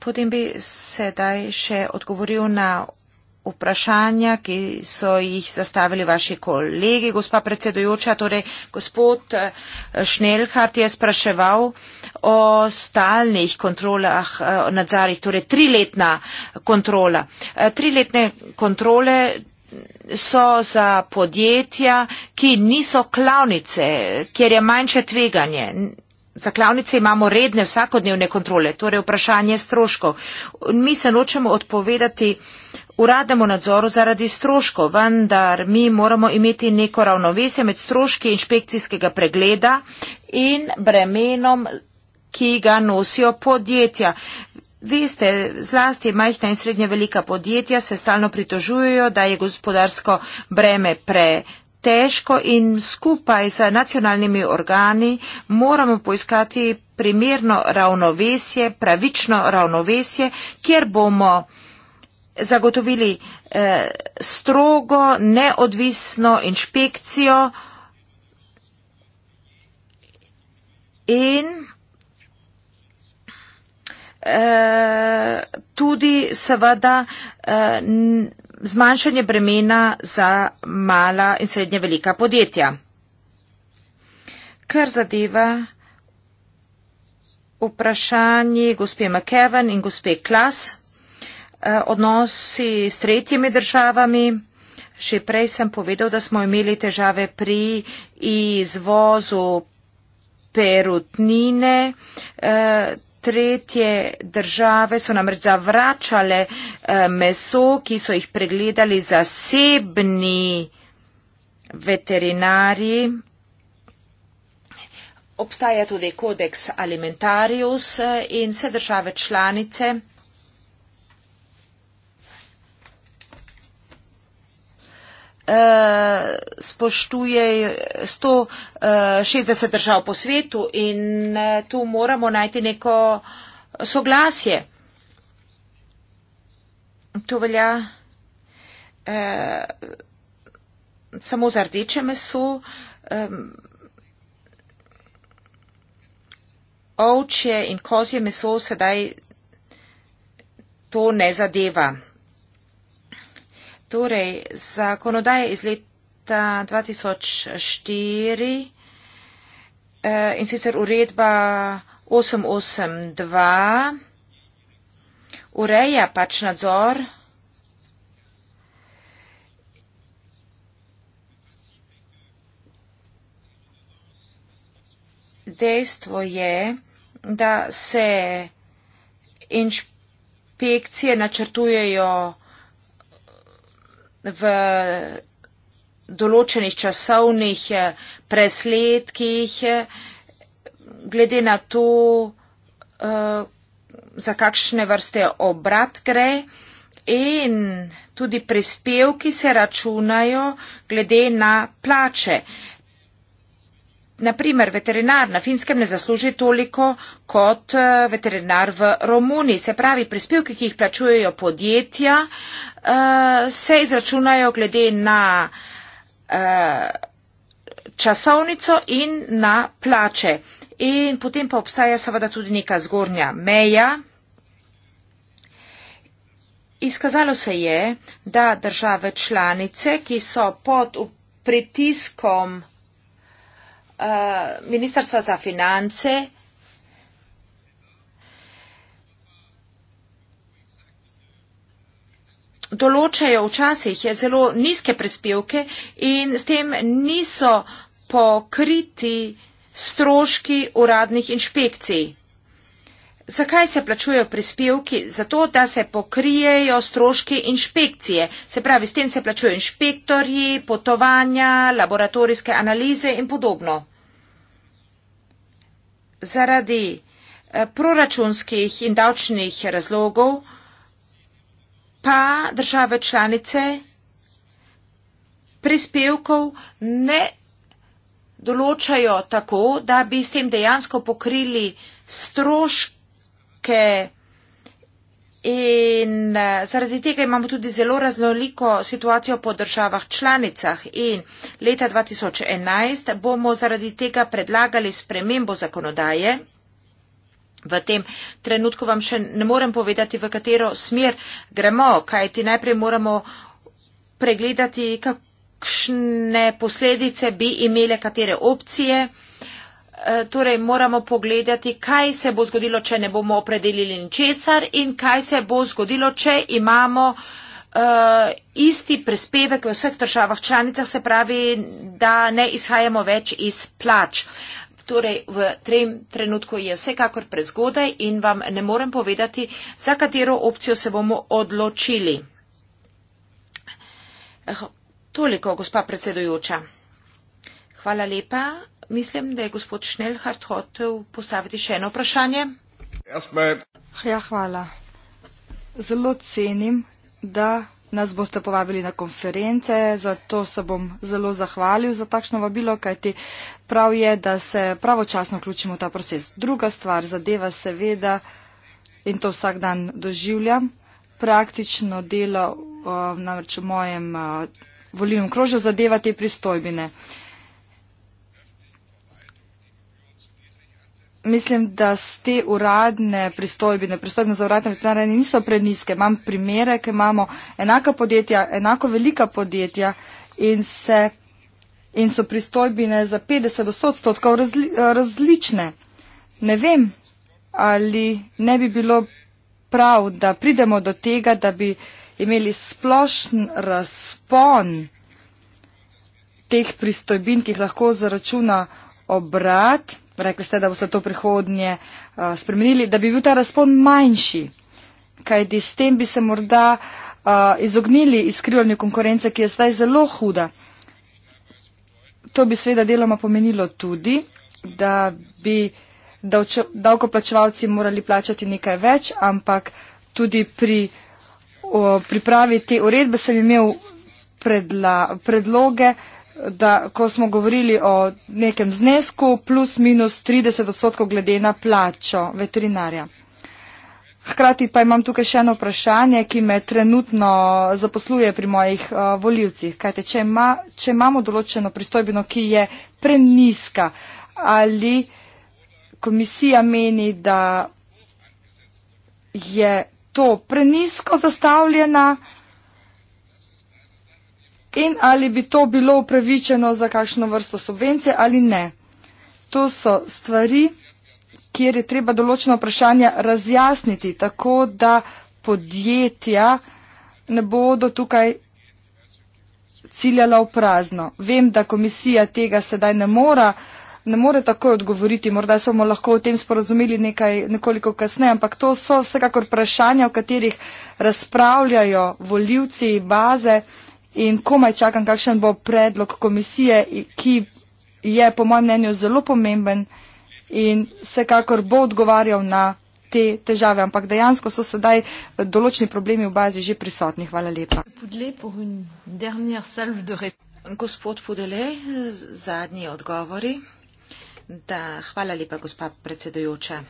Speaker 2: Potem bi sedaj še odgovoril na vprašanja, ki so jih zastavili vaši kolegi. Gospa predsedojoča, torej gospod Šnelhart eh, je spraševal o stalnih kontrolah eh, nadzarih, torej triletna kontrola. Eh, triletne kontrole so za podjetja, ki niso klavnice, kjer je manjše tveganje. Za klavnice imamo redne vsakodnevne kontrole, torej vprašanje stroškov. Mi se nočemo odpovedati uh, uradnemu nadzoru zaradi stroškov, vendar mi moramo imeti neko ravnovesje med stroški inšpekcijskega pregleda in bremenom, ki ga nosijo podjetja. Veste, zlasti majhna in srednje velika podjetja se stalno pritožujejo, da je gospodarsko breme pre. Težko in skupaj z nacionalnimi organi moramo poiskati primerno ravnovesje, pravično ravnovesje, kjer bomo zagotovili eh, strogo, neodvisno inšpekcijo in eh, tudi seveda eh, zmanjšanje bremena za mala in srednje velika podjetja. Kar zadeva vprašanje gospe McKevin in gospe Klas, Eh, odnosi s tretjimi državami. Še prej sem povedal, da smo imeli težave pri izvozu perutnine. Eh, tretje države so namreč zavračale eh, meso, ki so jih pregledali zasebni veterinarji. Obstaja tudi kodeks alimentarius in vse države članice. Eh, spoštuje 160 eh, držav po svetu in eh, tu moramo najti neko soglasje. To velja eh, samo za rdeče meso. Eh, ovče in kozje meso sedaj to ne zadeva. Torej, zakonodaja iz leta 2004 eh, in sicer uredba 882 ureja pač nadzor Dejstvo je, da se inšpekcije načrtujejo v določenih časovnih eh, presledkih, eh, glede na to, eh, za kakšne vrste obrat gre in tudi prispevki se računajo glede na plače. Naprimer, veterinar na finskem ne zasluži toliko kot eh, veterinar v Romuniji. Se pravi, prispevki, ki jih plačujejo podjetja, eh, se izračunajo glede na eh, časovnico in na plače. In potem pa obstaja seveda tudi neka zgornja meja. Izkazalo se je, da države članice, ki so pod pritiskom Eh, Ministrstva za finance določajo včasih zelo nizke prispevke in s tem niso pokriti stroški uradnih inšpekcij zakaj se plačujejo prispevki? Zato, da se pokrijejo stroški inšpekcije. Se pravi, s tem se plačujejo inšpektorji, potovanja, laboratorijske analize in podobno. Zaradi eh, proračunskih in davčnih razlogov pa države članice prispevkov ne določajo tako, da bi s tem dejansko pokrili stroške otroke in eh, zaradi tega imamo tudi zelo raznoliko situacijo po državah članicah in leta 2011 bomo zaradi tega predlagali spremembo zakonodaje. V tem trenutku vam še ne morem povedati, v katero smer gremo, kajti najprej moramo pregledati, kakšne posledice bi imele katere opcije. Eh, torej moramo pogledati, kaj se bo zgodilo, če ne bomo opredelili ničesar in kaj se bo zgodilo, če imamo uh, isti prispevek v vseh državah članicah, se pravi, da ne izhajamo več iz plač. Torej, v trem trenutku je vsekakor prezgodaj in vam ne morem povedati, za katero opcijo se bomo odločili. Eh, toliko, gospa predsedujoča. Hvala lepa. Mislim, da je gospod Šnelhart hotel postaviti še eno vprašanje.
Speaker 3: Ja, hvala. Zelo cenim, da nas boste povabili na konference, zato se bom zelo zahvalil za takšno vabilo, kajti prav je, da se pravočasno vključimo v ta proces. Druga stvar zadeva seveda, in to vsak dan doživljam, praktično delo eh, namreč v mojem eh, volilnem krožju zadeva te pristojbine. mislim, da ste uradne pristojbine, pristojbine za uradne veterinarje niso preniske. Imam primere, ker imamo enaka podjetja, enako velika podjetja in, se, in so pristojbine za 50 do 100 odstotkov razli, različne. Ne vem, ali ne bi bilo prav, da pridemo do tega, da bi imeli splošen razpon teh pristojbin, ki jih lahko zaračuna obrat rekli ste, da boste to prihodnje uh, spremenili, da bi bil ta razpon manjši, kajti s tem bi se morda uh, izognili izkrivljanju konkurence, ki je zdaj zelo huda. To bi seveda deloma pomenilo tudi, da bi davkoplačevalci morali plačati nekaj več, ampak tudi pri o, pripravi te uredbe sem imel predla, predloge. Uh, da ko smo govorili o nekem znesku plus minus 30 odstotkov glede na plačo veterinarja. Hkrati pa imam tukaj še eno vprašanje, ki me trenutno zaposluje pri mojih uh, eh, voljivcih. Kajte, če, ima, če imamo določeno pristojbino, ki je preniska, ali komisija meni, da je to prenisko zastavljena, uh, in ali bi to bilo upravičeno za kakšno vrsto subvencije ali ne. To so stvari, kjer je treba določeno vprašanje razjasniti, tako da podjetja ne bodo tukaj ciljala v prazno. Vem, da komisija tega sedaj ne, mora, ne more takoj odgovoriti, morda se bomo lahko o tem sporozumeli nekaj, nekoliko kasneje, ampak to so vsekakor vprašanja, o katerih razpravljajo voljivci baze in komaj čakam, kakšen bo predlog komisije, ki je po mojem mnenju zelo pomemben in vsekakor bo odgovarjal na te težave, ampak dejansko so sedaj določni problemi v bazi že prisotni. Hvala lepa.
Speaker 2: Gospod Pudelej, zadnji odgovori. Da, hvala lepa, gospa predsedujoča.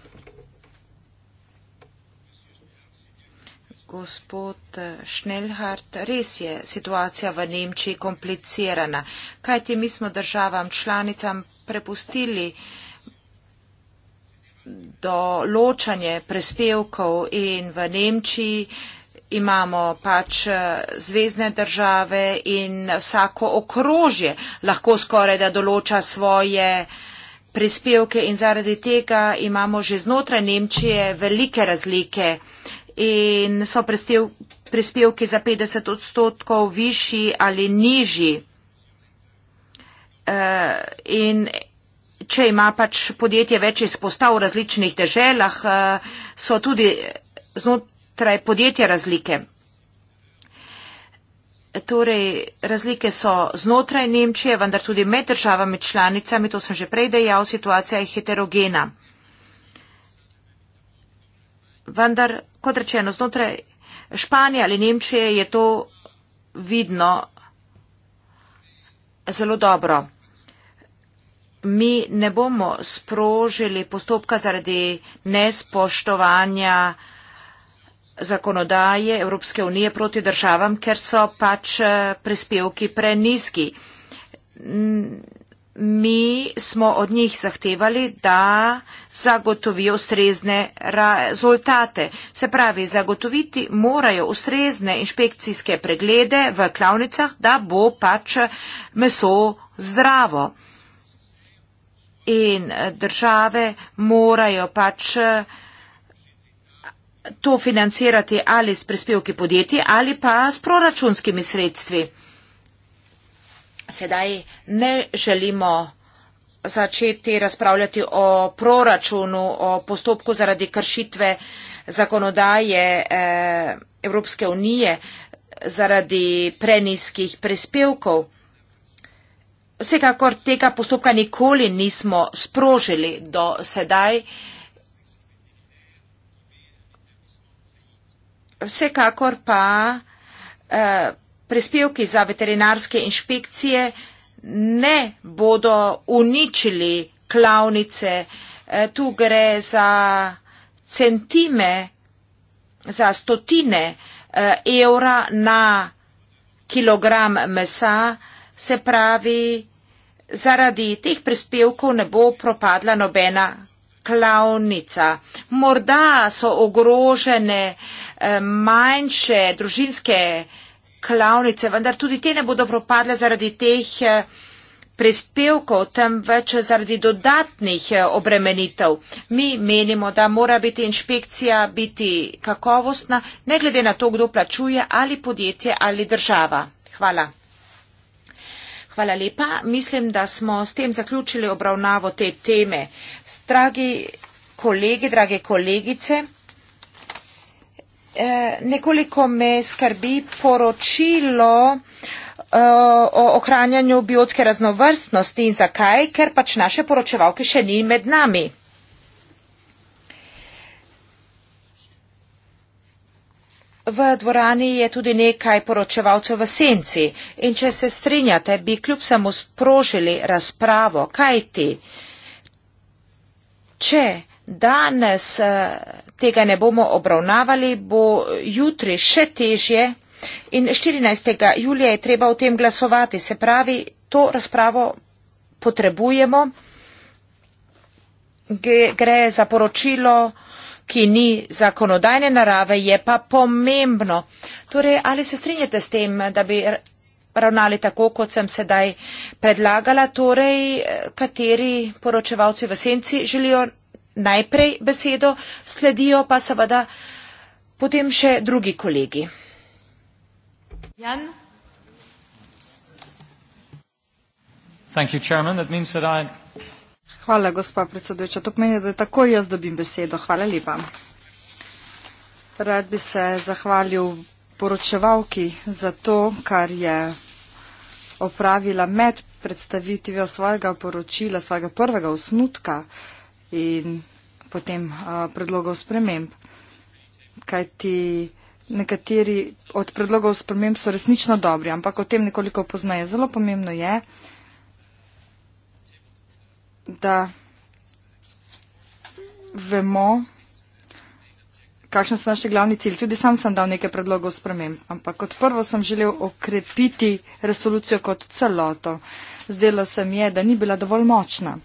Speaker 2: Gospod Šnelhart, eh, res je situacija v Nemčiji komplicirana. Kaj ti mi smo državam članicam prepustili do ločanje prispevkov in v Nemčiji imamo pač eh, zvezdne države in vsako okrožje lahko skoraj da določa svoje prispevke in zaradi tega imamo že znotraj Nemčije velike razlike in so prispevki za 50 odstotkov višji ali nižji. Eh, in če ima pač podjetje več izpostav v različnih deželah, eh, so tudi znotraj podjetja razlike. Torej, razlike so znotraj Nemčije, vendar tudi med državami članicami, to sem že prej dejal, situacija je heterogena vendar, kot rečeno, znotraj Španije ali Nemčije je to vidno zelo dobro. Mi ne bomo sprožili postopka zaradi nespoštovanja zakonodaje Evropske unije proti državam, ker so pač eh, prispevki prenizki mi smo od njih zahtevali, da zagotovijo ustrezne rezultate. Se pravi, zagotoviti morajo ustrezne inšpekcijske preglede v klavnicah, da bo pač meso zdravo. In države morajo pač to financirati ali s prispevki podjetij ali pa s proračunskimi sredstvi. Sedaj ne želimo začeti razpravljati o proračunu, o postopku zaradi kršitve zakonodaje eh, Evropske unije zaradi preniskih prispevkov. Vsekakor tega postopka nikoli nismo sprožili do sedaj. Vsekakor pa eh, prispevki za veterinarske inšpekcije ne bodo uničili klavnice. E, tu gre za centime, za stotine e, evra na kilogram mesa, se pravi, zaradi teh prispevkov ne bo propadla nobena klavnica. Morda so ogrožene e, manjše družinske eh, klavnice, vendar tudi te ne bodo propadle zaradi teh eh, prispevkov, temveč zaradi dodatnih eh, obremenitev. Mi menimo, da mora biti inšpekcija biti kakovostna, ne glede na to, kdo plačuje ali podjetje ali država. Hvala. Hvala lepa. Mislim, da smo s tem zaključili obravnavo te teme. Dragi kolegi, drage kolegice, Eh, nekoliko me skrbi poročilo eh, o ohranjanju biotske raznovrstnosti in zakaj, ker pač naše poročevalke še ni med nami. V dvorani je tudi nekaj poročevalcev v senci in če se strinjate, bi kljub samo sprožili razpravo, kaj ti. Če danes eh, tega ne bomo obravnavali, bo jutri še težje in 14. julija je treba o tem glasovati. Se pravi, to razpravo potrebujemo. Gre za poročilo, ki ni zakonodajne narave, je pa pomembno. Torej, ali se strinjate s tem, da bi ravnali tako, kot sem sedaj predlagala, torej, kateri poročevalci v senci želijo najprej besedo, sledijo pa seveda potem še drugi kolegi. Jan.
Speaker 3: Thank you, chairman. That means that I... Hvala, gospa predsedujoča. To pomeni, da tako jaz dobim besedo. Hvala lepa. Rad bi se zahvalil poročevalki za to, kar je opravila med predstavitvijo svojega poročila, svojega prvega osnutka. Uh, in potem a, predlogov sprememb. Kaj ti nekateri od predlogov sprememb so resnično dobri, ampak o tem nekoliko poznaje. Zelo pomembno je, da vemo, kakšni so naši glavni cilji. Tudi sam sem dal nekaj predlogov sprememb, ampak kot prvo sem želel okrepiti resolucijo kot celoto. Zdelo se mi je, da ni bila dovolj močna.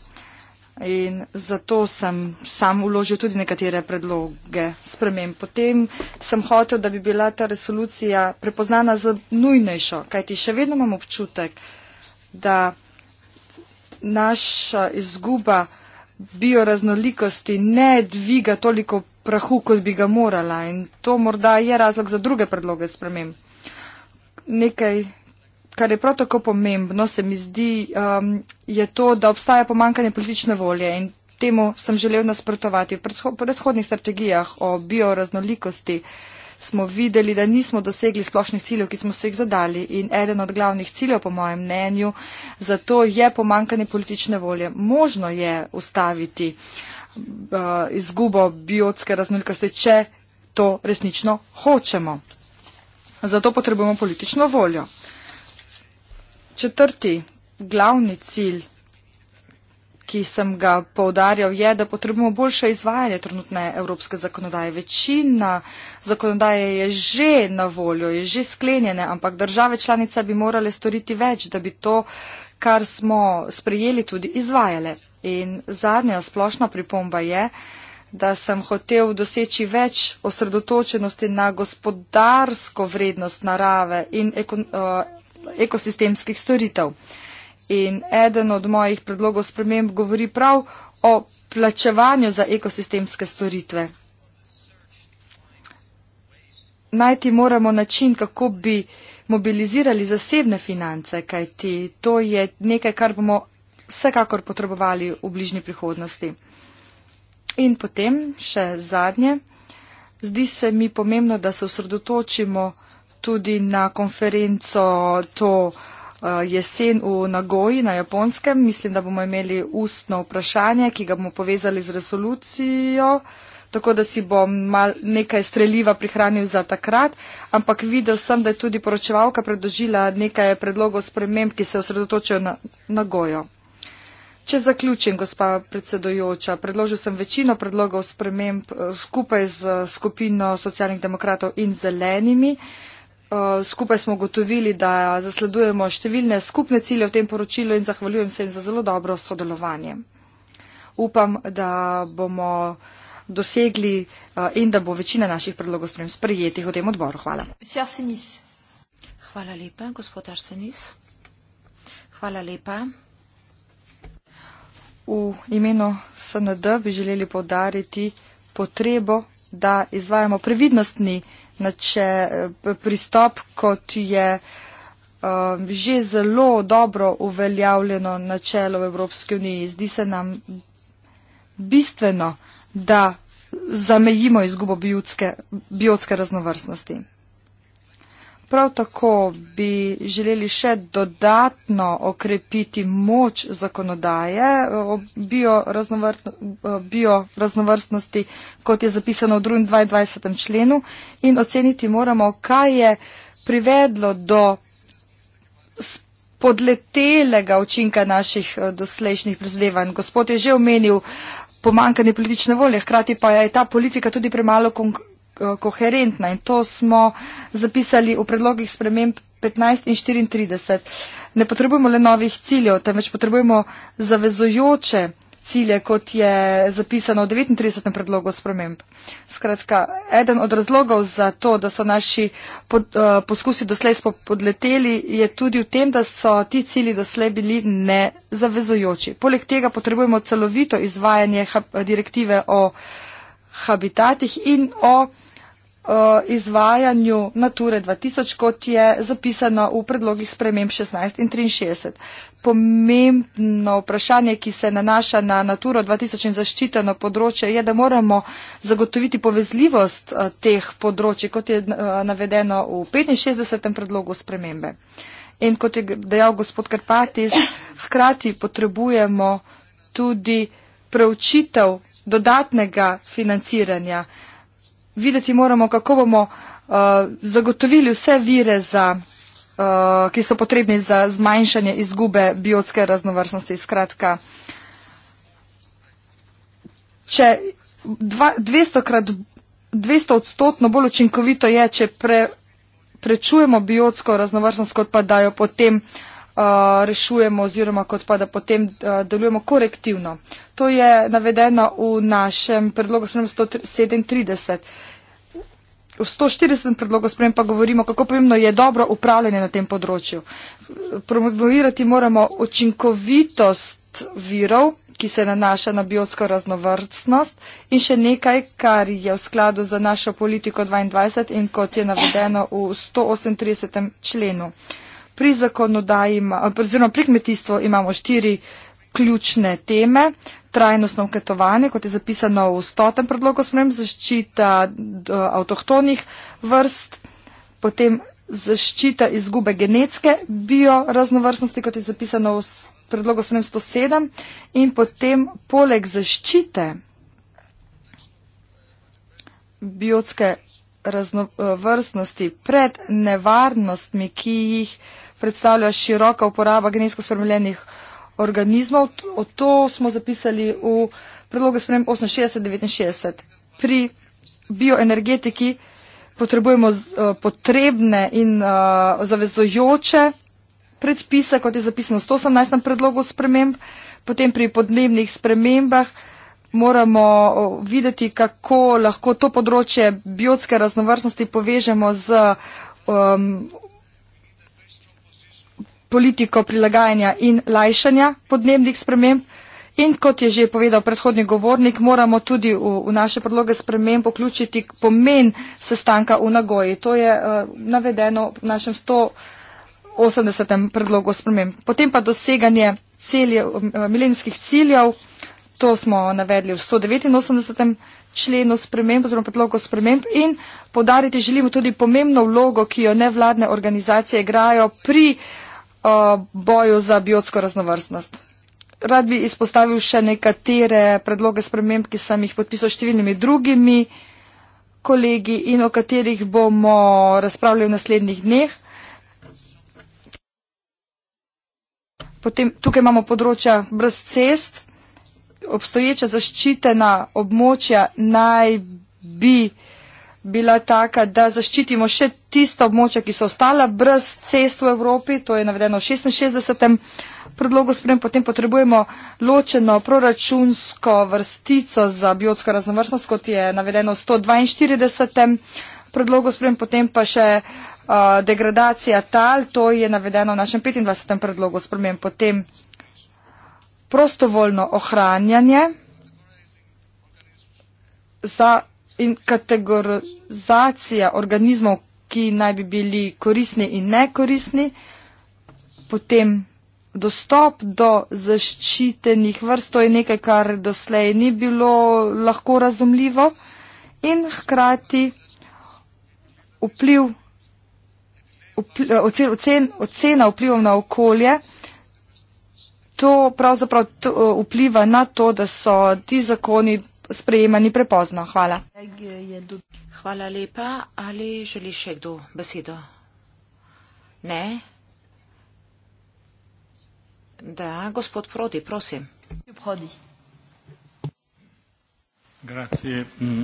Speaker 3: In zato sem sam uložil tudi nekatere predloge spremem. Potem sem hotel, da bi bila ta resolucija prepoznana za nujnejšo, kajti še vedno imam občutek, da naša izguba bioraznolikosti ne dviga toliko prahu, kot bi ga morala. In to morda je razlog za druge predloge spremem. Nekaj kar je prav tako pomembno, se mi zdi, um, je to, da obstaja pomankanje politične volje in temu sem želel nasprotovati. V predhodnih strategijah o bioraznolikosti smo videli, da nismo dosegli splošnih ciljev, ki smo se jih zadali in eden od glavnih ciljev, po mojem mnenju, zato je pomankanje politične volje. Možno je ustaviti uh, izgubo biotske raznolikosti, če to resnično hočemo. Zato potrebujemo politično voljo. Četrti glavni cilj, ki sem ga povdarjal, je, da potrebujemo boljše izvajanje trenutne evropske zakonodaje. Večina zakonodaje je že na voljo, je že sklenjene, ampak države članice bi morale storiti več, da bi to, kar smo sprejeli, tudi izvajale. In zadnja splošna pripomba je, da sem hotel doseči več osredotočenosti na gospodarsko vrednost narave in ekonomijo. Uh, eh, ekosistemskih storitev. In eden od mojih predlogov sprememb govori prav o plačevanju za ekosistemske storitve. Najti moramo način, kako bi mobilizirali zasebne finance, kajti to je nekaj, kar bomo vsekakor potrebovali v bližnji prihodnosti. In potem še zadnje. Zdi se mi pomembno, da se osredotočimo tudi na konferenco to eh, jesen v Nagoji na japonskem. Mislim, da bomo imeli ustno vprašanje, ki ga bomo povezali z resolucijo, tako da si bom mal, nekaj streljiva prihranil za takrat. Ampak videl sem, da je tudi poročevalka predložila nekaj predlogov sprememb, ki se osredotočajo na Nagojo. Če zaključim, gospa predsedojoča, predložil sem večino predlogov sprememb eh, skupaj z skupino socialnih demokratov in zelenimi. Uh, Eh, skupaj smo gotovili, da zasledujemo številne skupne cilje v tem poročilu in zahvaljujem se jim za zelo dobro sodelovanje. Upam, da bomo dosegli eh, in da bo večina naših predlogov sprejetih v tem odboru. Hvala. Hvala lepa, gospod Arsenis. Hvala lepa. V imenu SND bi želeli podariti potrebo, da izvajamo previdnostni nače, eh, pristop, kot je um, že zelo dobro uveljavljeno načelo v Evropski uniji. Zdi se nam bistveno, da zamejimo izgubo biotske raznovrstnosti. Prav tako bi želeli še dodatno okrepiti moč zakonodaje o bioraznovrstnosti, bio kot je zapisano v 22. členu, in oceniti moramo, kaj je privedlo do podletelega učinka naših eh, doslejšnjih prizadevanj. Gospod je že omenil pomankanje politične volje, hkrati pa je ta politika tudi premalo konkurenčna Eh, koherentna in to smo zapisali v predlogih sprememb 15 in 34. Ne potrebujemo le novih ciljev, temveč potrebujemo zavezojoče cilje, kot je zapisano v 39. predlogu sprememb. Skratka, eden od razlogov za to, da so naši pod, uh, poskusi doslej spodleteli, je tudi v tem, da so ti cilji doslej bili nezavezojoči. Poleg tega potrebujemo celovito izvajanje direktive o uh, habitatih in o izvajanju Nature 2000, kot je zapisano v predlogih sprememb 16 in 63. Pomembno vprašanje, ki se nanaša na Naturo 2000 in zaščiteno področje, je, da moramo zagotoviti povezljivost eh, teh področji, kot je eh, navedeno v 65. predlogu spremembe. In kot je dejal gospod Karpatis, hkrati potrebujemo tudi preučitev dodatnega financiranja. Videti moramo, kako bomo uh, zagotovili vse vire, za, uh, ki so potrebni za zmanjšanje izgube biotske raznovrstnosti. Skratka, če 200 odstotno bolj učinkovito je, če pre, prečujemo biotsko raznovrstnost, kot pa dajo potem uh, Eh, rešujemo oziroma kot pa da potem eh, delujemo korektivno. To je navedeno v našem predlogu sprem 137. V 140. predlogu sprem pa govorimo, kako pomembno je dobro upravljanje na tem področju. Promovirati moramo očinkovitost virov, ki se nanaša na biotsko raznovrstnost in še nekaj, kar je v skladu za našo politiko 22 in kot je navedeno v 138. členu pri zakonodaji, oziroma pri kmetijstvu imamo štiri ključne teme. Trajnostno vketovanje, kot je zapisano v stotem predlogu sprem, zaščita avtohtonih vrst, potem zaščita izgube genetske bioraznovrstnosti, kot je zapisano v predlogu sprem 107 in potem poleg zaščite biotske raznovrstnosti pred nevarnostmi, ki jih uh, predstavlja široka uporaba genetsko spremljenih organizmov. O to smo zapisali v predlogu sprememb 68-69. Pri bioenergetiki potrebujemo eh, potrebne in eh, zavezojoče predpise, kot je zapisano v 118. predlogu sprememb. Potem pri podnebnih spremembah moramo eh, videti, kako lahko to področje biotske raznovrstnosti povežemo z um, politiko prilagajanja in lajšanja podnebnih sprememb. In kot je že povedal predhodni govornik, moramo tudi v, v naše predloge sprememb vključiti pomen sestanka v Nagoji. To je uh, navedeno v našem 180. predlogu sprememb. Potem pa doseganje ciljev, eh, milenijskih ciljev, to smo navedli v 189. členu sprememb oziroma predlogu sprememb in podariti želimo tudi pomembno vlogo, ki jo nevladne organizacije igrajo pri uh, boju za biotsko raznovrstnost. Rad bi izpostavil še nekatere predloge sprememb, ki sem jih podpisal številnimi drugimi kolegi in o katerih bomo razpravljali v naslednjih dneh. Potem, tukaj imamo področja brez cest. Obstoječa zaščitena območja naj bi bila taka, da zaščitimo še tista območja, ki so ostala brez cest v Evropi, to je navedeno v 66. predlogu sprem, potem potrebujemo ločeno proračunsko vrstico za biotsko raznovrstnost, kot je navedeno v 142. predlogu sprem, potem pa še uh, degradacija tal, to je navedeno v našem 25. predlogu sprem, potem prostovoljno ohranjanje za in kategorizacija organizmov, ki naj bi bili korisni in nekorisni, potem dostop do zaščitenih vrst, to je nekaj, kar doslej ni bilo lahko razumljivo in hkrati vpliv, vpliv ocen, ocena vplivom na okolje. To pravzaprav to, uh, vpliva na to, da so ti zakoni sprejema ni prepozno. Hvala.
Speaker 2: Hvala lepa. Ali želi še kdo besedo? Ne. Da, gospod Prodi, prosim.
Speaker 1: Prodi.
Speaker 3: Grazie. Mm,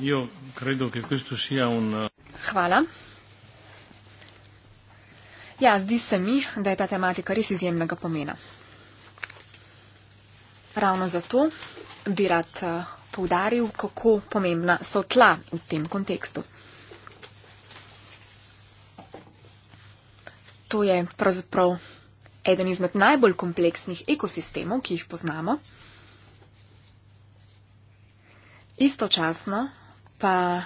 Speaker 3: io credo che questo sia un.
Speaker 1: Hvala. Ja, zdi se mi, da je ta tematika res izjemnega pomena. Ravno zato bi rad uh, poudaril, kako pomembna so tla v tem kontekstu. To je pravzaprav eden izmed najbolj kompleksnih ekosistemov, ki jih poznamo. Istočasno pa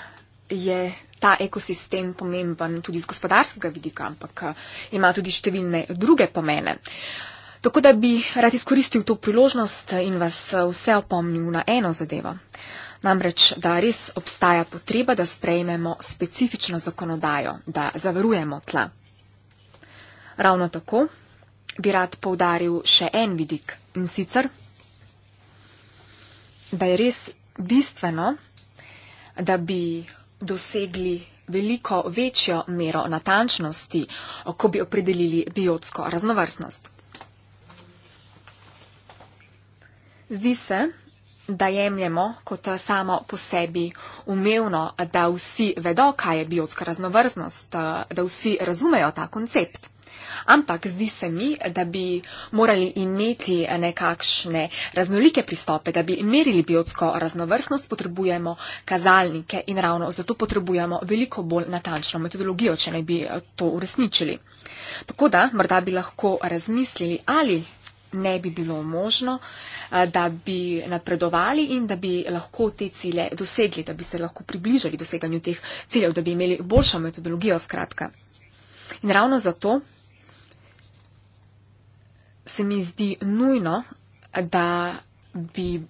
Speaker 1: je ta ekosistem pomemben tudi z gospodarskega vidika, ampak eh, ima tudi številne druge pomene. Uh, Tako da bi rad izkoristil to priložnost in vas eh, vse opomnil na eno zadevo. Namreč, da res obstaja potreba, da sprejmemo specifično zakonodajo, da zavarujemo tla. Ravno tako bi rad povdaril še en vidik in sicer, da je res bistveno, da bi dosegli veliko večjo mero natančnosti, ko bi opredelili biotsko raznovrstnost. Zdi se, da jemljemo kot eh, samo po sebi umevno, da vsi vedo, kaj je biotska raznovrznost, eh, da vsi razumejo ta koncept. Ampak zdi se mi, da bi morali imeti eh, nekakšne raznolike pristope, da bi merili biotsko raznovrstnost, potrebujemo kazalnike in ravno zato potrebujemo veliko bolj natančno metodologijo, če ne bi to uresničili. Tako da morda bi lahko razmislili, ali ne bi bilo možno, da bi napredovali in da bi lahko te cilje dosegli, da bi se lahko približali doseganju teh ciljev, da bi imeli boljšo metodologijo skratka. In ravno zato se mi zdi nujno, da bi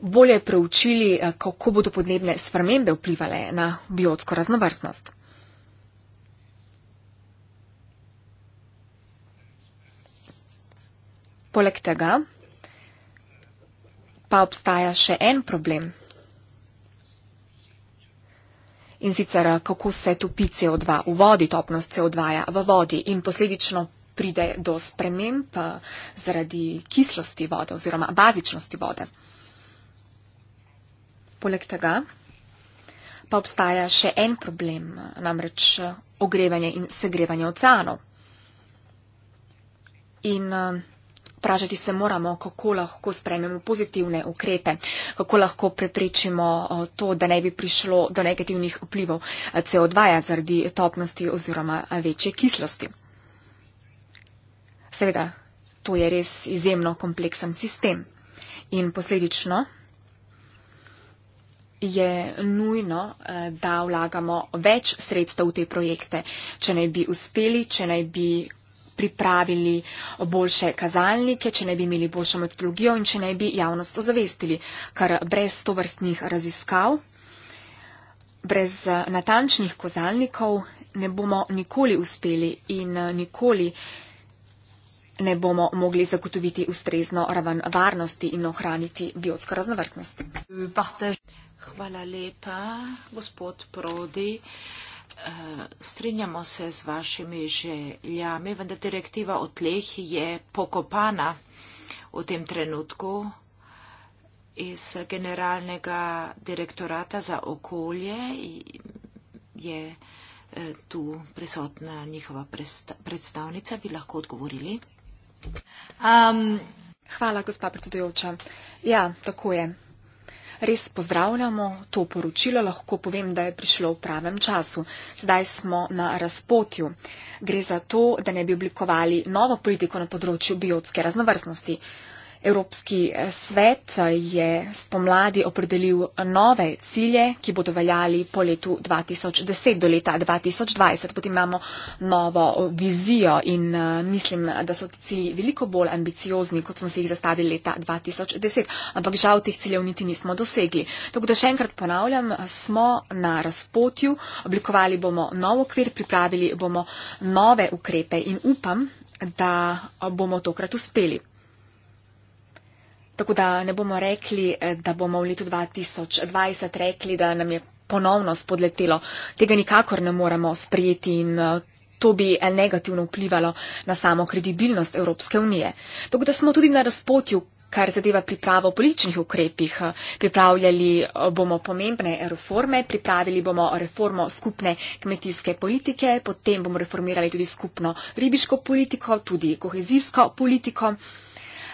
Speaker 1: bolje preučili, kako bodo podnebne spremembe vplivali na biotsko raznovrstnost. Poleg tega pa obstaja še en problem. In sicer, kako se topi CO2 v vodi, topnost CO2 v vodi in posledično pride do sprememb eh, zaradi kislosti vode oziroma bazičnosti vode. Poleg tega pa obstaja še en problem, namreč ogrevanje in segrevanje oceanov. In uh, vprašati se moramo, kako lahko sprememo pozitivne ukrepe, kako lahko preprečimo eh, to, da ne bi prišlo do negativnih vplivov eh, CO2 ja, zaradi topnosti oziroma eh, večje kislosti. Seveda, to je res izjemno kompleksen sistem in posledično je nujno, da vlagamo več sredstev v te projekte, če naj bi uspeli, če naj bi pripravili boljše kazalnike, če ne bi imeli boljšo metodologijo in če ne bi javnost ozavestili, kar brez tovrstnih raziskav, brez eh, natančnih kazalnikov ne bomo nikoli uspeli in eh, nikoli ne bomo mogli zagotoviti ustrezno raven varnosti in ohraniti biotsko raznovrstnost.
Speaker 2: Hvala lepa, gospod Prodi. Eh, strinjamo se z vašimi željami, vendar direktiva o tleh je pokopana v tem trenutku iz generalnega direktorata za okolje je eh, tu prisotna njihova predstavnica, bi lahko odgovorili.
Speaker 1: Um, hvala, gospa predsedujoča. Ja, tako je. Res pozdravljamo to poročilo, lahko povem, da je prišlo v pravem času. Sedaj smo na razpotju. Gre za to, da ne bi oblikovali novo politiko na področju biotske raznovrstnosti. Evropski eh, svet je spomladi opredelil nove cilje, ki bodo veljali po letu 2010 do leta 2020. Potem imamo novo vizijo in eh, mislim, da so ti cilji veliko bolj ambiciozni, kot smo si jih zastavili leta 2010, ampak žal teh ciljev niti nismo dosegli. Tako da še enkrat ponavljam, smo na razpotju, oblikovali bomo nov okvir, pripravili bomo nove ukrepe in upam, da bomo tokrat uspeli. Tako da ne bomo rekli, eh, da bomo v letu 2020 rekli, da nam je ponovno spodletelo. Tega nikakor ne moremo sprijeti in eh, to bi eh, negativno vplivalo na samo kredibilnost Evropske unije. Tako da smo tudi na razpotju, kar zadeva pripravo političnih ukrepih. Pripravljali bomo pomembne reforme, pripravili bomo reformo skupne kmetijske politike, potem bomo reformirali tudi skupno ribiško politiko, tudi kohezijsko politiko.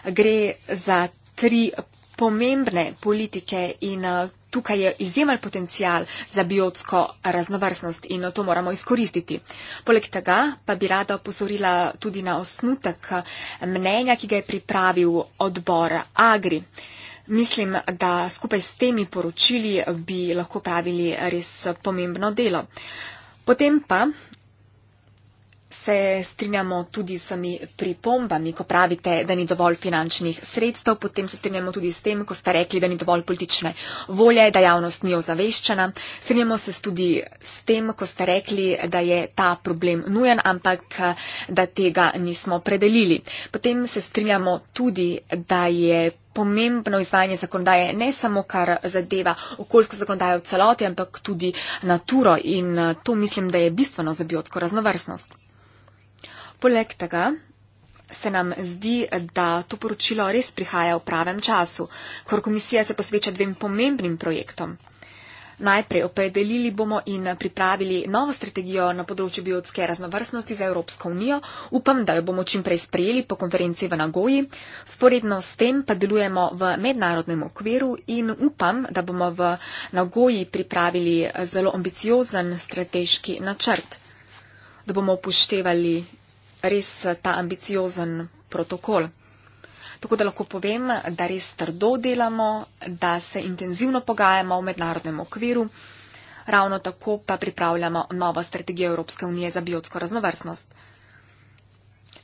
Speaker 1: Gre za tri pomembne politike in eh, tukaj je izjemen potencial za biotsko raznovrstnost in eh, to moramo izkoristiti. Poleg tega pa bi rada opozorila tudi na osnutek eh, mnenja, ki ga je pripravil odbor Agri. Mislim, da skupaj s temi poročili bi lahko pravili res pomembno delo. Potem pa se strinjamo tudi s temi pripombami, ko pravite, da ni dovolj finančnih sredstev, potem se strinjamo tudi s tem, ko ste rekli, da ni dovolj politične volje, da javnost ni ozaveščena. Strinjamo se tudi s tem, ko ste rekli, da je ta problem nujen, ampak da tega nismo predelili. Potem se strinjamo tudi, da je pomembno izvajanje zakonodaje ne samo, kar zadeva okoljsko zakonodajo v celoti, ampak tudi naturo in to mislim, da je bistveno za biotsko raznovrstnost. Poleg tega se nam zdi, da to poročilo res prihaja v pravem času, ker komisija se posveča dvem pomembnim projektom. Najprej opredelili bomo in pripravili novo strategijo na področju biotske raznovrstnosti za Evropsko unijo. Upam, da jo bomo čim prej sprejeli po konferenci v Nagoji. Sporedno s tem pa delujemo v mednarodnem okviru in upam, da bomo v Nagoji pripravili zelo ambiciozen strateški načrt, da bomo upoštevali res eh, ta ambiciozen protokol. Tako da lahko povem, da res trdo delamo, da se intenzivno pogajamo v mednarodnem okviru, ravno tako pa pripravljamo novo strategijo Evropske unije za biotsko raznovrstnost.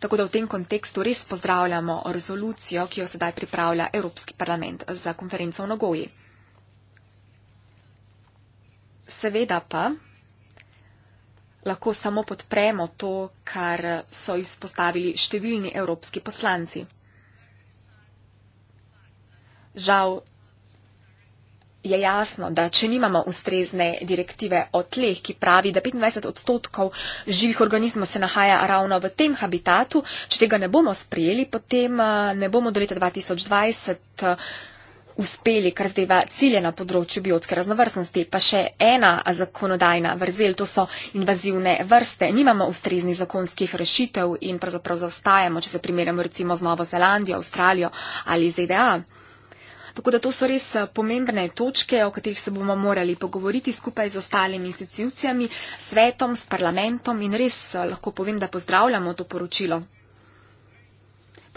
Speaker 1: Tako da v tem kontekstu res pozdravljamo rezolucijo, ki jo sedaj pripravlja Evropski parlament za konferenco v Nogoji. Seveda pa lahko samo podpremo to, kar so izpostavili številni evropski poslanci. Žal je jasno, da če nimamo ustrezne direktive o tleh, ki pravi, da 25 odstotkov živih organizmov se nahaja ravno v tem habitatu, če tega ne bomo sprijeli, potem eh, ne bomo do leta 2020 uspeli, kar zdaj cilje na področju biotske raznovrstnosti, pa še ena zakonodajna vrzel, to so invazivne vrste. Nimamo ustreznih zakonskih rešitev in pravzaprav zaostajamo, če se primerjamo recimo z Novo Zelandijo, Avstralijo ali ZDA. Tako da to so res eh, pomembne točke, o katerih se bomo morali pogovoriti skupaj z ostalimi institucijami, svetom, s parlamentom in res eh, lahko povem, da pozdravljamo to poročilo.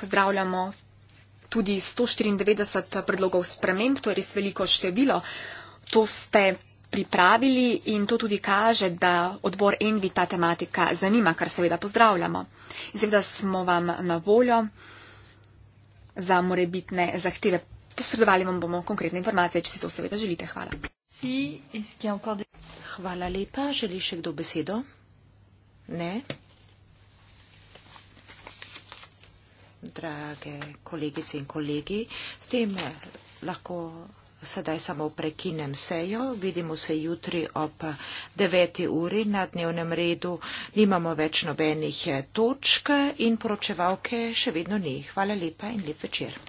Speaker 1: Pozdravljamo tudi 194 predlogov sprememb, to je res veliko število. To ste pripravili in to tudi kaže, da odbor Envi ta tematika zanima, kar seveda pozdravljamo. In seveda smo vam na voljo za morebitne zahteve. Posredovali vam bomo konkretne informacije, če si to seveda želite.
Speaker 3: Hvala.
Speaker 2: Hvala lepa. Želi še kdo besedo? Ne. drage kolegice in kolegi. S tem eh, lahko sedaj samo prekinem sejo. Vidimo se jutri ob 9. uri na dnevnem redu. Nimamo več nobenih eh, točk in poročevalke še vedno ni. Hvala lepa in lep večer.